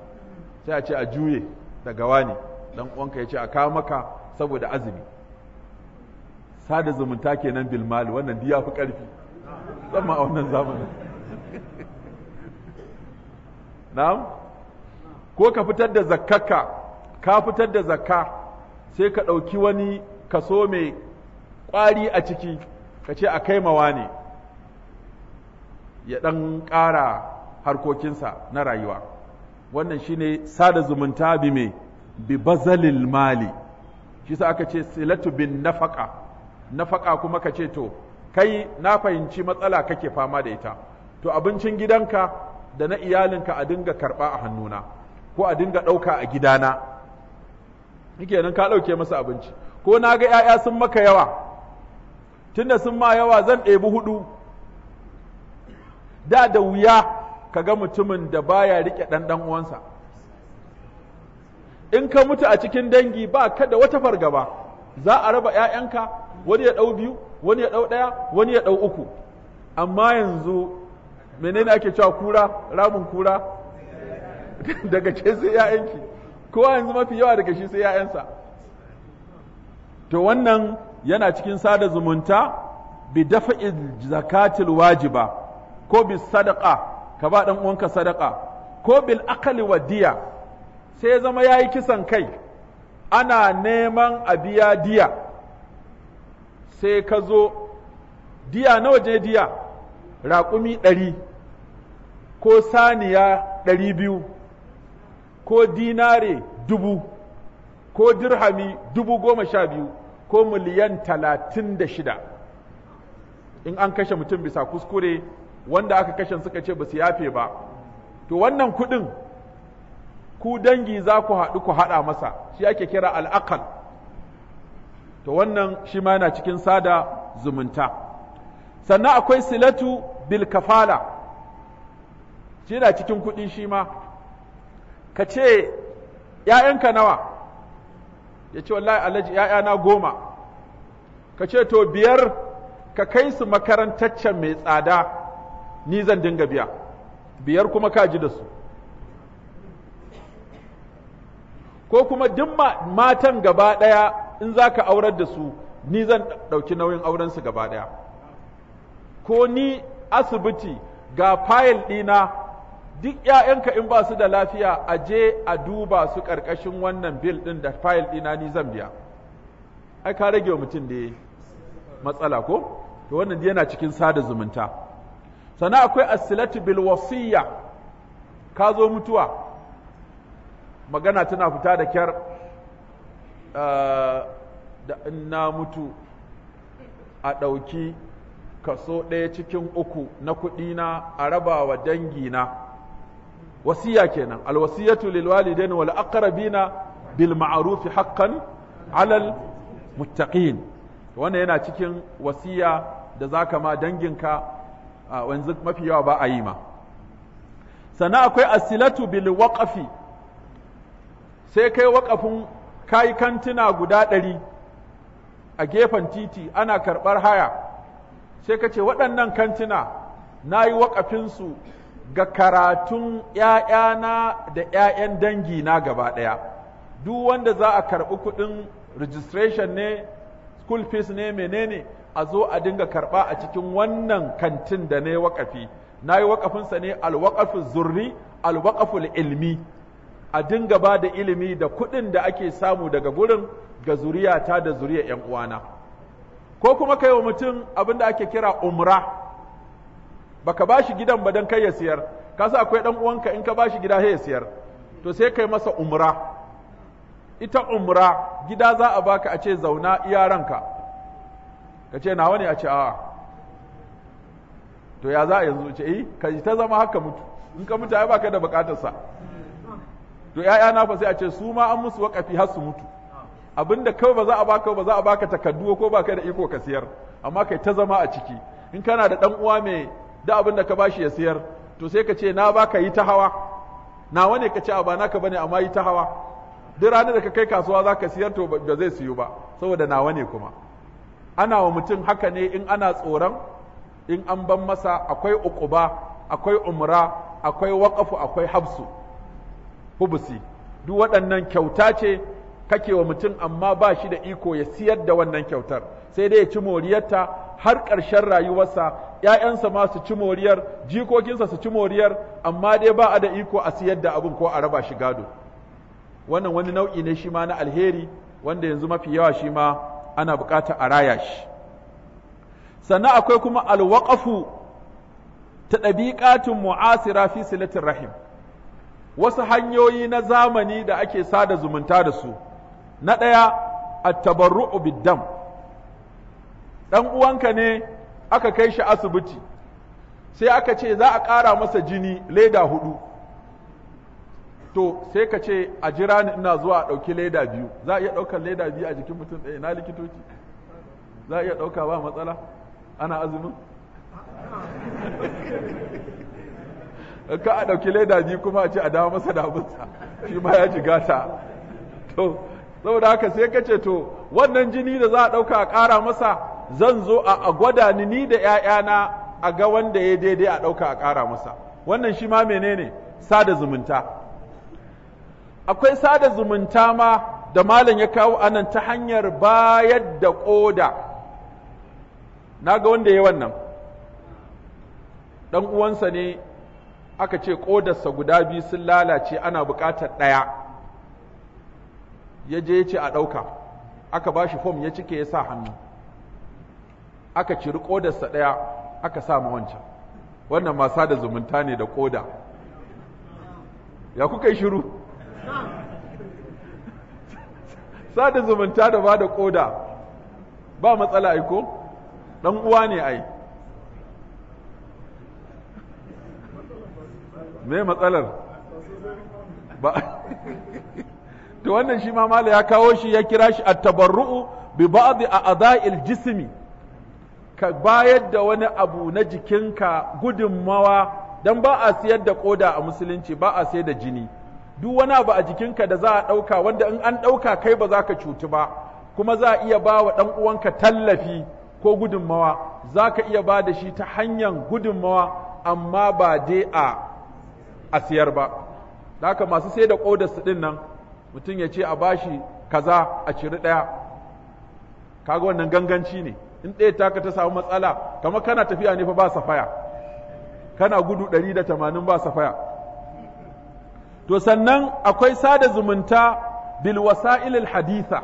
[SPEAKER 1] sai a ce a juye daga wani dan uwanka ya ce a kawo maka saboda azumi sada zumunta kenan bilmal wannan diya fi ƙarfi musamman a wannan zamanin na'am ko ka fitar da zakkaka ka fitar da zakka sai ka ɗauki wani kaso mai ƙwari a ciki ka ce a mawa ne ya ɗan ƙara harkokinsa na rayuwa wannan shine sada zumunta bi mai bi bazalil mali shi sa aka ce silatu bin nafaka nafaka kuma ka ce to kai na fahimci matsala kake fama da ita to abincin gidanka da na iyalinka a dinga karɓa a hannuna ko a dinga ɗauka a gidana nike nan ka ɗauke masa abinci ko na ga ‘ya'ya sun maka yawa tunda sun ma yawa zan ɗebi hudu da da wuya ka ga mutumin da baya riƙe ɗanɗan uwansa in ka mutu a cikin dangi ba ka da wata fargaba za a raba ‘ya'yanka wani ya ɗau biyu wani ya ɗau ɗaya wani ya ɗau uku amma yanzu menene ake cewa kura ramin kura daga ce sai ya'yanki kowa yanzu mafi yawa daga shi sai ya'yansa to wannan yana cikin sada zumunta bi dafa'i zakatil wajiba ko bi sadaka ka ba dan uwanka sadaka. ko bil akali wadiya sai zama yayi kisan kai ana neman a biya diya sai ka zo diya na waje diya raƙumi ɗari ko saniya ɗari biyu ko dinare dubu ko dirhami dubu goma sha biyu ko miliyan talatin da shida in an kashe mutum bisa kuskure wanda aka kashe suka ce ba su yafe ba to wannan kuɗin ku dangi za ku haɗu ku haɗa masa shi ake kira al'akal to wannan shi ma yana cikin sada zumunta sannan akwai silatu bil kafala shi na cikin kuɗi shi ma ka ce ‘ya'yanka nawa ya ce wallahi alhaji na goma ka ce to biyar ka kai su makarantaccen mai tsada ni zan dinga biya biyar kuma ka ji da su ko kuma duk matan gaba ɗaya in za ka aurar da su ni zan ɗauki nauyin aurensu gaba ɗaya ko ni asibiti ga fayil ɗina duk ‘ya'yanka in ba su da lafiya a je a duba su ƙarƙashin wannan bil ɗin da fayil ɗina ni zan biya ai ka rage wa mutum da matsala ko to wannan yana cikin sada zumunta Sana akwai asilatu bil wasiyya ka zo mutuwa magana tana fita da kyar eh, da in na mutu a ɗauki kaso ɗaya cikin uku na kuɗi na a raba wa na. wasiya kenan alwasiyatu lil walidain wal aqrabina bil ma'ruf haqqan alal muttaqin wannan yana cikin wasiya da zaka ma danginka wanzu mafi yawa ba a yi ma sana akwai asilatu bil waqafi sai kai waƙafin kai kantina guda ɗari a gefen titi ana karɓar haya sai ka ce waɗannan kantina na yi waƙafinsu ga karatun ‘ya'yana da ‘ya'yan dangi na gaba ɗaya duk wanda za a karɓi kuɗin registration ne school fees ne menene a zo a dinga karɓa a cikin wannan kantin da na yi waƙafi na yi waƙafinsa ne alwaƙafin zurri alwaƙafin ilmi a dinga ba da ilimi da kuɗin da ake samu daga gurin ga zuriyata da zuriya ‘yan uwana. ko kuma kai wa mutum abin da ake kira umra baka ba shi gidan ba don kai ya siyar ka sa akwai ɗan uwanka in ka ba shi gida ya siyar to sai kai masa umra ita umra gida za a baka a ce zauna iya ka ce nawa ne a ce a'a to ya za a yanzu ce eh, yi ta zama haka mutu in ka mutu ai baka da bukatarsa to 'ya'ya na fa sai a ce su ma an musu wakafi har su mutu abinda kawai ba za a baka ba za a baka takaddu ko kai da iko ka siyar amma kai ta zama a ciki in kana da dan uwa mai da abin da ka bashi ya siyar to sai ka ce na baka yi ta hawa nawa ne ka ce a ba naka bane amma yi ta hawa duk ranar da ka kai kasuwa za ka siyar to ba zai siyu ba saboda nawa ne kuma ana wa mutum haka ne in ana tsoron in an ban masa akwai uquba akwai umra akwai waƙafu akwai habsu hubusi duk waɗannan kyauta ce kake wa mutum amma ba shi da iko ya siyar da wannan kyautar sai dai ya ci moriyarta har ƙarshen rayuwarsa ‘ya'yansa ma su ci moriyar jikokinsa su ci moriyar amma dai ba a da iko a siyar da abin ko a raba shi gado wannan wani nau'i ne shi ma na alheri wanda yanzu mafi yawa shi ma ana bukata a raya shi sannan akwai kuma alwaƙafu ta ɗabiƙatin mu'asira fi silatin rahim wasu hanyoyi na zamani da ake sada zumunta da su na ɗaya a tabarru bid-dam uwanka ne aka kai shi asibiti sai aka ce za a ƙara masa jini leda hudu to sai ka ce a jira ni ina zuwa a ɗauki leda biyu za a iya ɗaukar leda biyu a jikin mutum ɗaya na likitoci za a iya ɗauka ba matsala ana azumin ka a ɗauki leda biyu kuma a ce a dawo masa da shi ma ya ji gata to saboda haka sai ka ce to wannan jini da za a ɗauka a ƙara masa zan zo a gwada ni ni da ‘ya'yana a ga wanda ya daidai a ɗauka a ƙara masa wannan shi ma menene sada zumunta akwai sada zumunta ma da malam ya kawo anan ta hanyar bayar da ƙoda na ga wanda ya wannan ɗan uwansa ne aka ce ƙodarsa guda biyu sun lalace ana buƙatar ɗaya ya je ya ce a ɗauka aka ba shi fom ya cike ya sa hannu aka ciri ƙodarsa ɗaya aka sa ma wancan wannan masa da zumunta ne da ƙoda ya kuka yi shiru sada zumunta da ba da ƙoda ba matsala aiko ɗan uwa ne ai me matsalar ba to wannan shi ma ya kawo shi ya kira shi at-tabarru'u bi a a'dha'il jismi ka bayar da wani abu na jikinka gudunmawa dan ba a siyar da koda a musulunci ba a sayar da jini duk wani abu a jikinka da za a ɗauka wanda in an ɗauka kai ba za ka cutu ba kuma za a iya ba wa ɗan uwanka tallafi ko gudunmawa za ka iya ba da shi ta hanyar gudunmawa amma ba dai a a siyar ba da haka masu sai da ƙodarsu ɗin nan mutum ya ce a bashi kaza a ciri ɗaya kaga wannan ganganci ne in ɗaya taka ta samu matsala kamar kana tafiya ne fa ba safaya kana gudu ɗari da tamanin ba safaya to sannan akwai sada zumunta bil wasa'ilil haditha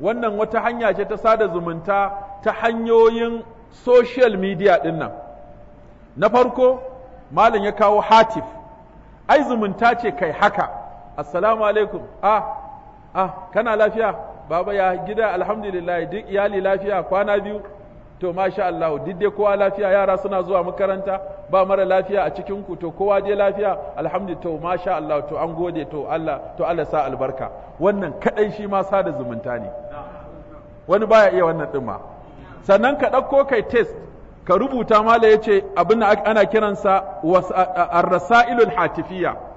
[SPEAKER 1] wannan wata hanya ce ta sada zumunta ta hanyoyin social media ɗin nan na farko malam ya kawo hatif ai zumunta ce kai haka assalamu alaikum ah ah kana lafiya baba ya gida alhamdulillah duk iyali lafiya kwana biyu to masha Allah duk dai kowa lafiya yara suna zuwa makaranta ba mara lafiya a cikin ku to kowa dai lafiya alhamdulillah to masha Allah to an gode to Allah to Allah sa albarka wannan kadai shi ma sada zumunta ne wani baya iya wannan din ma sannan ka ɗauko kai test ka rubuta mala yace abin da ana kiransa ar-rasailul hatifiyya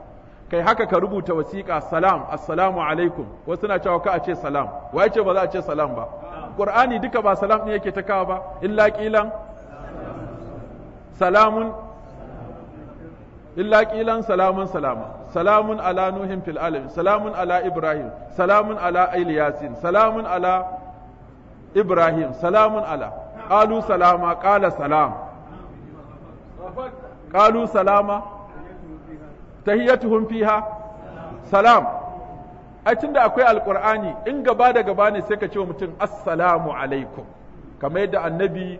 [SPEAKER 1] kai haka ka rubuta wasiƙa salam assalamu alaikum wasu na cewa ka a ce salam wai ce ba za a ce salam ba qur'ani duka ba salam ne yake ta kawo ba illa qilan salamun illa qilan salamun salama salamun ala nuhin fil alamin salamun ala ibrahim salamun ala ilyasin salamun ala ibrahim salamun ala qalu salama qala salam qalu salama tahiyyatuhum fiha salam ai tunda akwai alqur'ani in gaba da gaba ne sai ka ce wa mutum assalamu alaikum kamar yadda annabi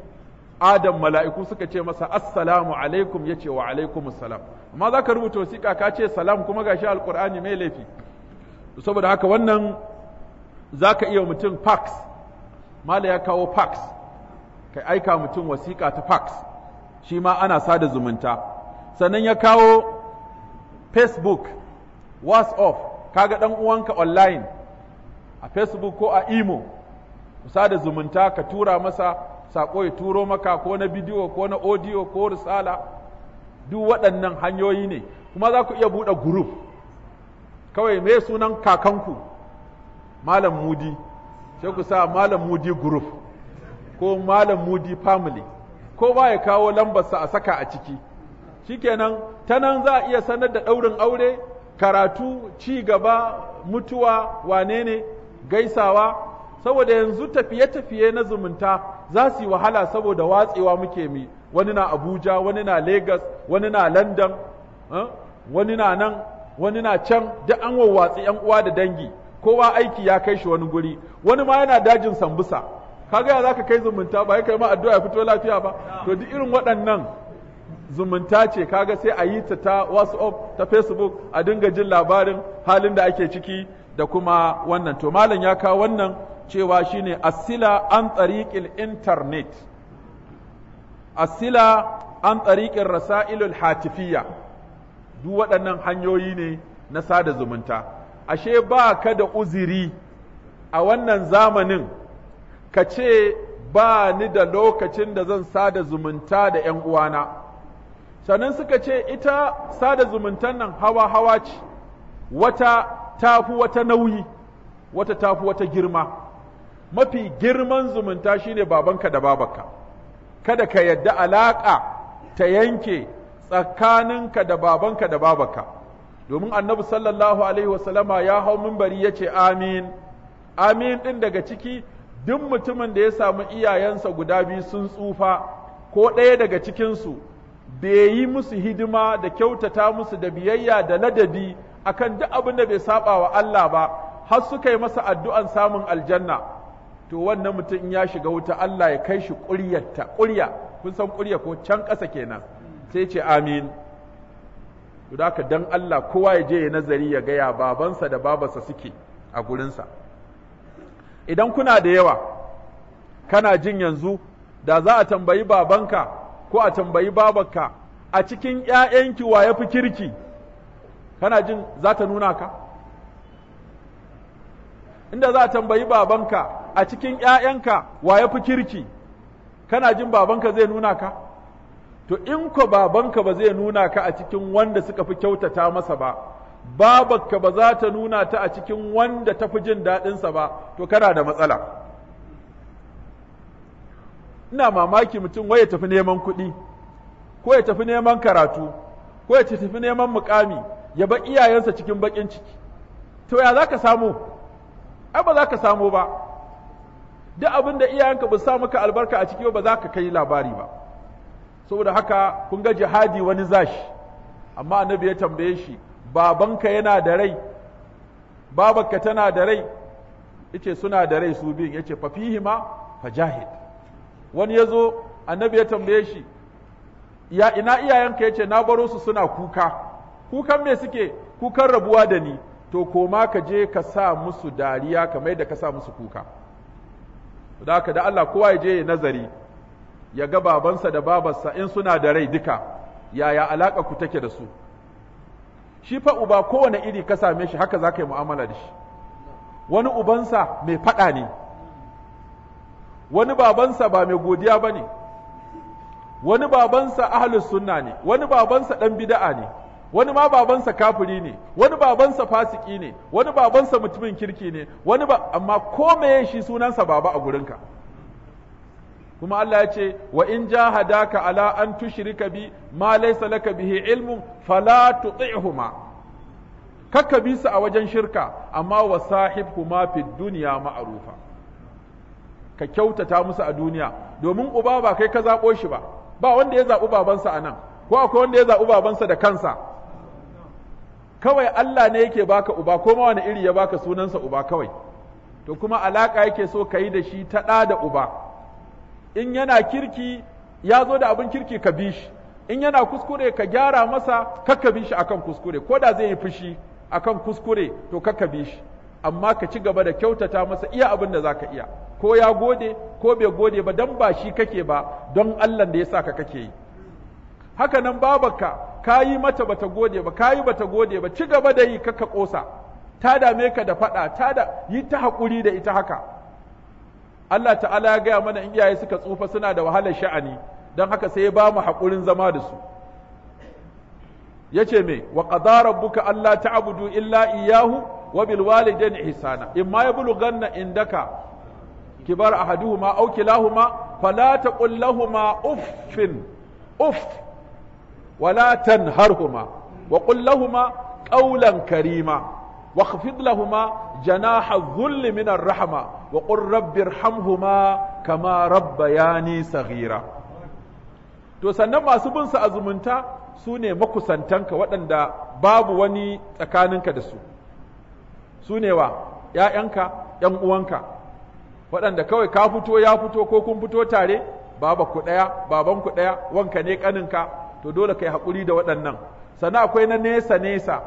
[SPEAKER 1] adam mala'iku suka ce masa assalamu alaikum yace wa alaikumus salam amma zaka rubuta wasiƙa ka ce salam kuma gashi alqur'ani mai laifi saboda haka wannan zaka iya mutum fax mala ya kawo fax kai aika mutum wasiƙa ta fax shi ma ana sada zumunta sannan ya kawo facebook whatsapp kaga ɗan uwanka online a facebook ko a imo kusa da zumunta ka tura masa sako ya turo maka ko na bidiyo ko na audio ko risala duk waɗannan hanyoyi ne kuma za ku iya buɗe group kawai me sunan kakanku malam mudi sai ku sa malam mudi group ko malam mudi family ko ba ya kawo lambarsa a saka a ciki shikenan ta nan za a iya sanar da ɗaurin aure karatu ci gaba mutuwa wane ne gaisawa saboda yanzu tafiye-tafiye na zumunta za su yi wahala saboda watsewa muke mi wani na abuja wani na lagos wani na london eh, wani na nan wani na can da an wawwatsi yan uwa da dangi kowa aiki ya kai shi wani guri wani ma yana dajin sambusa kaga ya zaka kai zumunta ba ya kai ma addu'a ya fito lafiya ba to duk irin waɗannan zumunta ce kaga sai a yi ta ta WhatsApp ta Facebook a dinga jin labarin halin da ake ciki da kuma wannan to malam ya kawo wannan cewa shine asila an tariqil internet asila an tariqil rasailul hatifiyya duk waɗannan hanyoyi ne na sada zumunta ashe ba ka da uziri a wannan zamanin ka ce ba ni da lokacin da zan sada zumunta da ‘yan uwana, sannan suka ce ita sada zumuntan nan hawa-hawa ce wata tafi wata nauyi wata tafi wata girma mafi girman zumunta shine babanka da babaka. kada ka yadda alaƙa ta yanke tsakaninka da babanka da babaka. domin annabi sallallahu alaihi wasallama ya hau mimbari ya ce amin amin ɗin daga ciki duk mutumin da ya samu iyayensa guda biyu sun tsufa ko ɗaya daga cikinsu bai yi musu hidima da kyautata musu da biyayya da ladabi akan duk abin da bai saba wa Allah ba har suka yi masa addu'an samun aljanna to wannan mutum in ya shiga wuta Allah ya kai shi ƙuryarta ƙurya kun san ƙurya ko can ƙasa kenan sai ce amin to da dan Allah kowa ya je ya nazari ya gaya babansa da babarsa suke a gurinsa idan kuna da yawa kana jin yanzu da za a tambayi babanka ko a tambayi babanka a cikin ‘ya'yanki wa ya fi kirki kana jin za ta nuna ka inda za a tambayi babanka a cikin ‘ya'yanka wa ya fi kirki kana jin babanka zai nuna ka to in ko babanka ba zai nuna ka a cikin wanda suka fi kyautata masa ba babanka ba za ta nuna ta a cikin wanda ta fi jin daɗinsa ba to kana da matsala ina mamaki mutum wai ya tafi neman kuɗi ko ya tafi neman karatu ko ya tafi neman mukami ya ba iyayensa cikin baƙin ciki to ya za ka samu ai ba za ka samu ba duk abin da iyayenka ba sa maka albarka a ciki ba za ka kai labari ba saboda haka kun ga jihadi wani zashi amma annabi ya tambaye shi babanka yana da rai babanka tana da rai yace suna da rai su biyu yace fafihima fajahid wani ya zo annabi ya tambaye shi ya ina iyayenka ya ce na baro su suna kuka kukan me suke kukan rabuwa da ni to koma ka je ka sa musu dariya ka mai da ka sa musu kuka da haka da Allah kowa ya je ya nazari ya ga babansa da babarsa in suna da rai duka yaya alaka ku take da su shi fa uba kowane iri ka same shi haka za ka yi mu'amala da shi wani ubansa mai faɗa ne wani babansa ba mai godiya ba ne wani babansa ahlus sunna ne wani babansa ɗan bida'a ne wani ma babansa kafiri ne wani babansa fasiki ne wani babansa mutumin kirki ne wani ba amma ko meye shi sunansa baba a gurinka kuma Allah ya ce wa in jahadaka ala an tushrika bi ma laysa laka bihi ilmun fala tuti'huma kakka bi su a wajen shirka amma wa wasahibhuma fid dunya ma'rufa ka kyautata musu a duniya domin uba ba kai ka zaɓo shi ba ba wanda ya zaɓi babansa a nan ko akwai wanda ya zaɓi babansa da kansa kawai Allah ne yake baka uba ko ma wani iri ya baka sunansa uba kawai to kuma alaka yake so ka yi da shi ta ɗa da uba in yana kirki ya zo da abin kirki ka bi shi in yana kuskure ka gyara masa kakka bi shi akan kuskure ko da zai yi fushi akan kuskure to kakka bi shi amma ka ci gaba da kyautata masa iya abin da za ka iya ko ya gode ko bai gode ba don ba shi kake ba don allah da ya sa ka kake yi haka nan babaka ka yi mata bata gode ba ka yi bata gode ba ci gaba da yi kaka ƙosa ta dame ka da faɗa ta da yi ta haƙuri da ita haka allah ta'ala ya gaya mana in iyaye suka tsufa suna da wahalar sha'ani don haka sai ya ba mu haƙurin zama da su ya ce me wa ƙadarar buka allah abudu illa iyyahu. wa bil walidaini ihsana imma yablughanna indaka kibar ahaduhuma aw kilahuma fala taqul lahumā uffin uff wala tanharhuma wa qul lahumā qawlan karīma واخفض لهما جناح الذل من الرحمة وقل رب ارحمهما كما ربياني صغيرا to sannan masu bin su azumunta su ne makusantanka waɗanda babu wani tsakaninka da su su ne wa ‘ya'yanka, ‘yan uwanka, waɗanda kawai ka fito ya fito ko kun fito tare, baba ku ɗaya, baban ku ɗaya, wanka ne ƙaninka, to dole ka yi haƙuri da waɗannan. Sana akwai na nesa-nesa,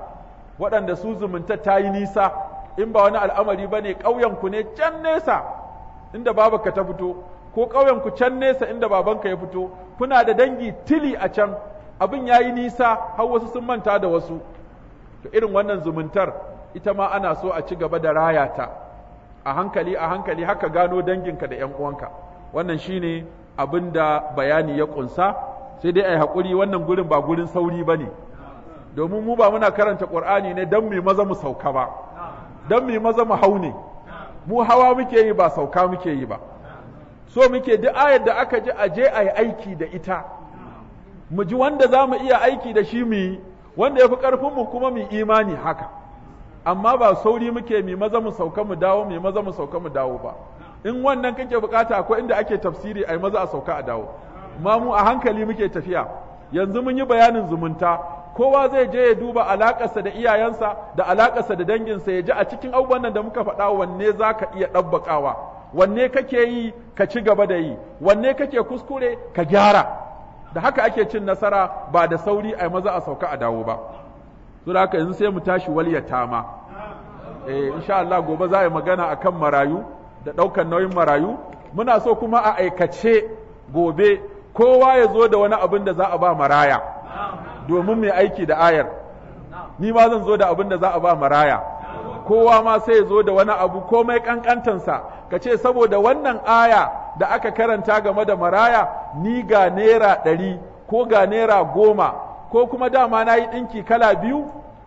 [SPEAKER 1] waɗanda su zumunta ta yi nisa, in ba wani al'amari ba ne ƙauyenku ne can nesa, inda babanka ta fito, ko ƙauyenku can nesa inda babanka ya fito, kuna da dangi tili a can, abin ya yi nisa, har wasu sun manta da wasu. To irin wannan zumuntar ita ma ana so a ci gaba da raya ta a hankali a hankali haka gano danginka da 'yan uwanka wannan shine abin da bayani ya kunsa sai dai a yi haƙuri wannan gurin ba gurin sauri ba ne domin mu ba muna karanta ƙur'ani ne don mu maza mu sauka ba don mu maza mu hau ne mu hawa muke yi ba sauka muke yi ba so muke duk ayar da aka ji a je a aiki da ita mu ji wanda za mu iya aiki da shi mu wanda ya fi ƙarfinmu kuma mu imani haka amma ba sauri muke mi maza mu sauka mu dawo mi maza mu sauka mu dawo ba in wannan kake bukata akwai inda ake tafsiri ai maza a sauka a dawo ma mu a hankali muke tafiya yanzu mun yi bayanin zumunta kowa zai je ya duba alakarsa da iyayensa da alakarsa da danginsa ya ji a cikin abubuwan nan da muka faɗa wanne za ka iya ɗabbakawa wanne kake yi ka ci gaba da yi wanne kake kuskure ka gyara da haka ake cin nasara ba da sauri ai maza a sauka a dawo ba sura haka yanzu sai mu tashi walyatama eh insha Allah gobe za a yi magana akan marayu da ɗaukan nauyin marayu muna so kuma a aikace gobe kowa ya zo da wani abin da za a ba maraya domin mai aiki da ayar ni ma zan zo da abin da za a ba maraya kowa ma sai ya zo da wani abu komai kankantansa ka ce saboda wannan aya da aka karanta game da maraya ni ga naira ɗari ko ga naira goma ko kuma dama na yi ɗinki kala biyu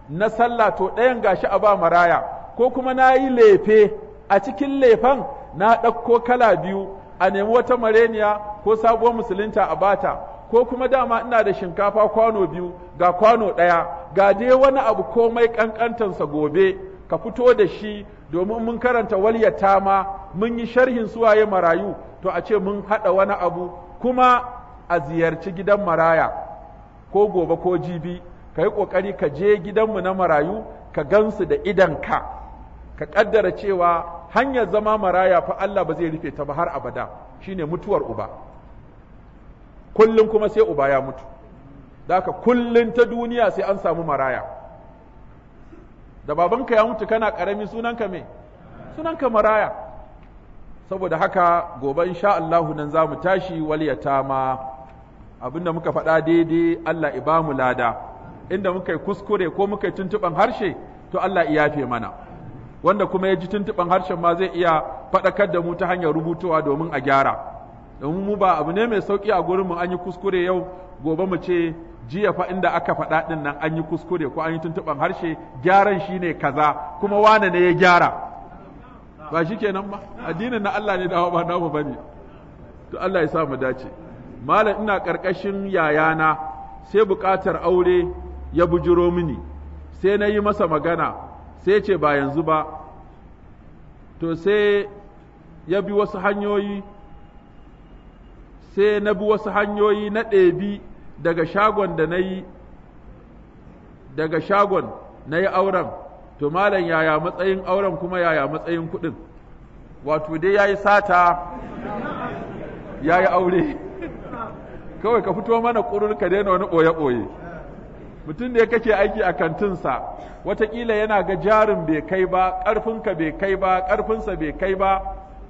[SPEAKER 1] na sallah to ɗayan gashi a ba maraya ko kuma na yi lefe a cikin lefen na ɗakko kala biyu a nemi wata mareniya ko sabuwar musulunta a bata ko kuma dama ina da shinkafa kwano biyu ga kwano ɗaya ga dai wani abu komai ƙanƙantansa gobe ka fito da shi domin mun karanta walyata ma mun yi sharhin suwaye marayu to a ce mun haɗa wani abu kuma a ziyarci gidan maraya ko gobe ko jibi ka yi ƙoƙari ka je gidanmu na marayu ka gansu da idanka ka ka ƙaddara cewa hanyar zama maraya fa Allah ba zai rufe ta ba har abada shine mutuwar uba kullum kuma sai uba ya mutu da kullum ta duniya sai an samu maraya da babanka ya mutu kana ƙarami sunanka me sunanka maraya saboda haka gobe sha Allahu nan za mu tashi walyata ma. abinda muka faɗa daidai Allah iba mu lada inda muka yi kuskure ko muka yi tuntuɓan harshe to Allah iya yafe mana wanda kuma ya ji tuntuɓan harshen ma zai iya faɗakar da mu ta hanyar rubutuwa domin a gyara domin mu ba abu ne mai sauƙi a gurinmu an yi kuskure yau gobe mu ce jiya fa inda aka faɗa ɗin nan an yi kuskure ko an yi tuntuɓan harshe gyaran shi ne kaza kuma wane ne ya gyara ba shi kenan ba addinin na Allah ne da ba namu bane to Allah ya sa mu dace malam ina ƙarƙashin yayana sai buƙatar aure ya bujiro mini sai na yi masa magana sai ce ba yanzu ba to sai ya bi wasu hanyoyi sai na bi wasu hanyoyi na ɗebi daga shagon da na yi daga shagon na yi auren to malam yaya matsayin auren kuma yaya matsayin kuɗin wato dai ya yi sata
[SPEAKER 2] ya yi aure
[SPEAKER 1] kawai ka fito mana ƙurur ka daina wani ɓoye-ɓoye mutum da ya kake aiki a kantinsa watakila yana ga jarin bai kai ba ƙarfinka bai kai ba ƙarfinsa bai kai ba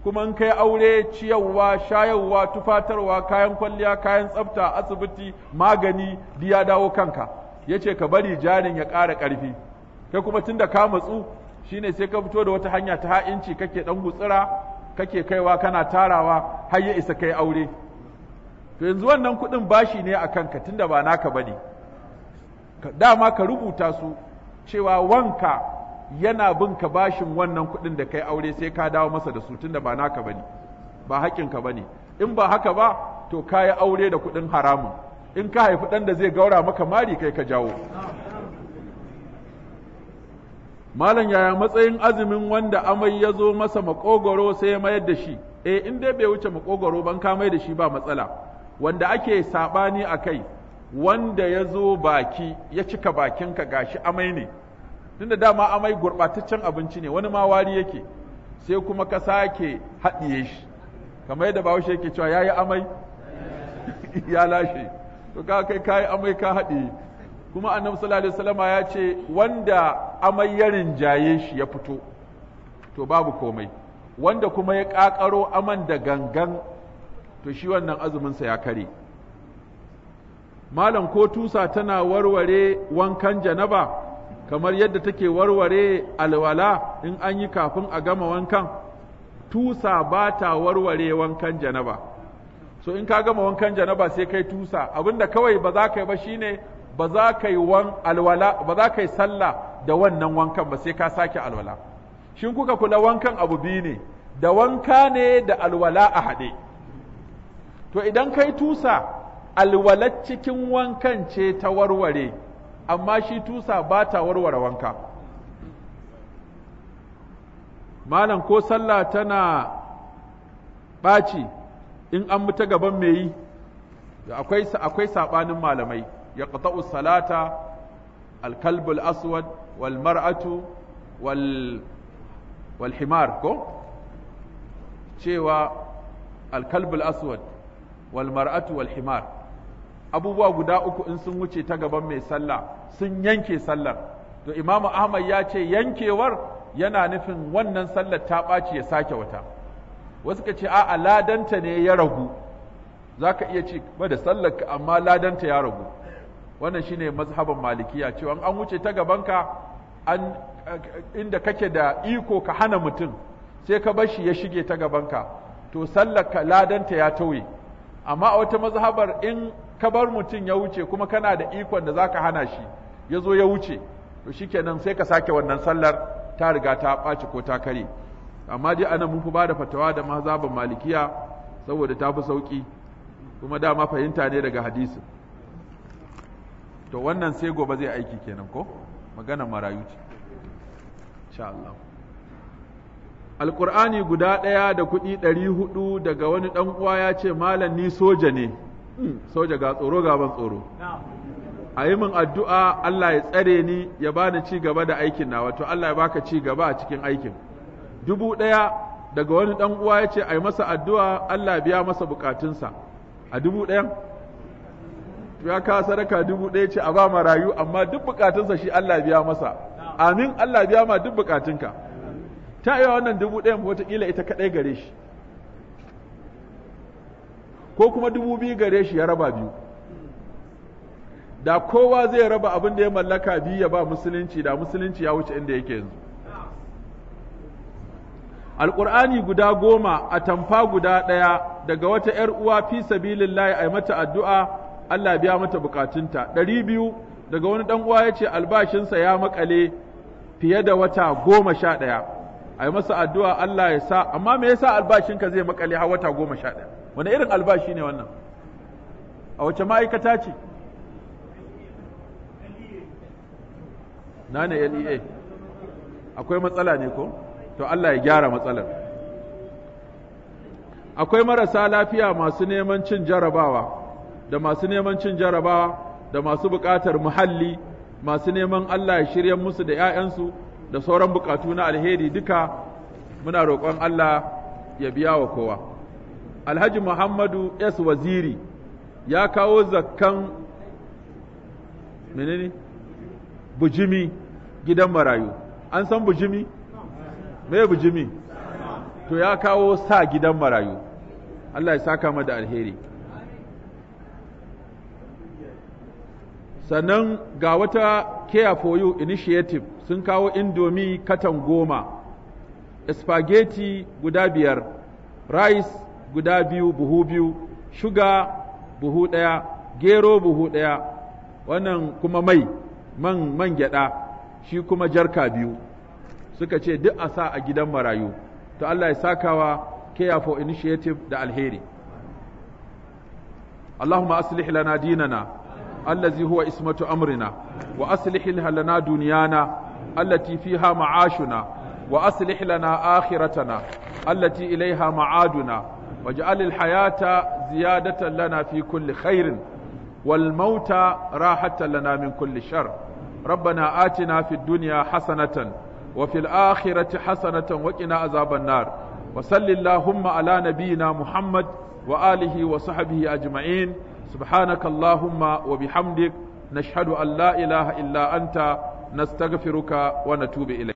[SPEAKER 1] kuma in kai aure ciyarwa shayarwa tufatarwa kayan kwalliya kayan tsafta asibiti magani duk ya dawo kanka ya ce ka bari jarin ya ƙara ƙarfi kai kuma tunda ka matsu shine sai ka fito da wata hanya ta ha'inci kake ɗan gutsira kake kaiwa kana tarawa har ya isa kai aure to yanzu wannan kuɗin bashi ne a kanka tunda ba naka bane dama ka rubuta su cewa wanka yana bin ka bashin wannan kuɗin da kai aure sai ka dawo masa da su tunda ba naka bane ba haƙinka bane in ba haka ba to ka yi aure da kuɗin haramun in ka haifi ɗan da zai gaura maka mari kai ka jawo malam yaya matsayin azumin wanda amai ya zo masa makogoro sai ya mayar da shi eh in dai bai wuce makogoro ban ka mai da shi ba matsala wanda ake saɓani a kai wanda ya zo baki ya cika bakinka gashi amai ne tunda dama amai gurɓataccen abinci ne wani ma wari yake sai kuma ka sake haɗiye shi kamar yadda bahaushe yake cewa ya yi amai ya lashe to ka kai ka yi amai ka haɗiye kuma annabi sallallahu alaihi wasallama ya ce wanda amai ya rinjaye shi ya fito to babu komai wanda kuma ya ƙaƙaro aman da gangan to shi wannan azuminsa ya kare malam ko tusa tana warware wankan janaba kamar yadda take warware alwala in an yi kafin a gama wankan tusa ba ta warware wankan janaba so in ka gama wankan janaba sai kai tusa abinda kawai ba za ka yi ba shine ba za ka yi alwala ba za ka yi sallah da wannan wankan ba sai ka sake alwala shin kuka kula wankan abu biyu ne da wanka ne da alwala a haɗe to idan kai tusa alwalat cikin wankan ce ta warware amma shi tusa ba ta warware wanka malam ko sallah tana ɓaci in an ta gaban mai yi akwai saɓanin malamai ya qata'u salata al aswad wal mar'atu wal wal himar ko cewa al aswad wal mar'atu wal abubuwa guda uku in sun wuce ta gaban mai sallah sun yanke sallar to imamu ahmad ya ce yankewar yana nufin wannan sallar ta ɓaci ya sake wata wasu ka ce a'a ladanta ne ya ragu zaka iya ce ba da sallar ka amma ladanta ya ragu wannan shine mazhaban malikiya cewa an wuce ta gabanka an inda kake da iko ka hana mutum sai ka bar shi ya shige ta gabanka to sallar ka ladanta ya tauye amma a wata mazhabar in ka bar mutum ya wuce kuma kana da ikon da zaka hana shi ya zo ya wuce to shikenan sai ka sake wannan sallar ta riga ta ɓaci ko ta kare amma dai ana mun fi ba da fatawa da mazhaban malikiya saboda ta fi sauki kuma dama fahimta ne daga hadisi to wannan sai gobe zai aiki kenan ko maganar marayu ce insha Allah alkur'ani guda ɗaya da kuɗi ɗari hudu daga wani ɗan uwa ya ce malam ni soja ne hmm. soja ga tsoro ga ban tsoro a yi min addu'a Allah ya tsare ni ya bani ni gaba da aikin na wato Allah ya baka ci gaba a cikin aikin dubu ɗaya daga wani ɗan uwa ya ce a yi masa addu'a Allah biya masa bukatunsa a dubu ɗayan ya ka sadaka dubu ɗaya ce a ba rayu. amma duk bukatunsa shi Allah biya masa amin Allah biya ma duk bukatunka ta iya wannan dubu ɗayan watakila ita kaɗai gare shi ko kuma dubu biyu gare shi ya raba biyu da kowa zai raba abin da ya mallaka biyu ya ba musulunci da musulunci ya wuce inda yake yanzu alƙur'ani guda goma a tamfa guda ɗaya daga wata ‘yar uwa fi sabilillahi a mata addu'a Allah biya mata bukatunta ɗari biyu daga wani ɗan uwa ya ce albashinsa ya makale fiye da wata goma sha ɗaya a yi masa addu'a Allah ya sa amma me yasa albashinka zai makale har wata goma sha ɗaya wani irin albashi ne wannan a wace ma'aikata ce na ne lea akwai matsala ne ko to Allah ya gyara matsalar akwai marasa lafiya masu neman cin jarabawa da masu neman cin jarabawa da masu buƙatar muhalli masu neman Allah ya shirya musu da ‘ya'yansu da sauran bukatu na alheri duka muna roƙon Allah ya biya wa kowa alhaji muhammadu s waziri ya kawo zakkan menene bujimi gidan marayu an san bujimi me bujimi to ya kawo sa gidan marayu Allah ya saka mada da alheri sannan ga wata care for you initiative sun kawo indomi katan goma spaghetti guda biyar rice guda biyu buhu biyu shuga buhu ɗaya gero buhu ɗaya wannan kuma mai man man gyaɗa shi kuma jarka biyu suka ce duk a sa a gidan marayu to Allah ya sakawa care for initiative da alheri اللهم أصلح لنا ديننا الذي هو اسمة أمرنا وأصلح لنا دنيانا التي فيها معاشنا وأصلح لنا آخرتنا التي إليها معادنا واجعل الحياة زيادة لنا في كل خير والموت راحة لنا من كل شر ربنا آتنا في الدنيا حسنة وفي الآخرة حسنة وقنا عذاب النار وصل اللهم على نبينا محمد وآله وصحبه أجمعين سبحانك اللهم وبحمدك نشهد أن لا إله إلا أنت nastaghfiruka wa natubu ilai.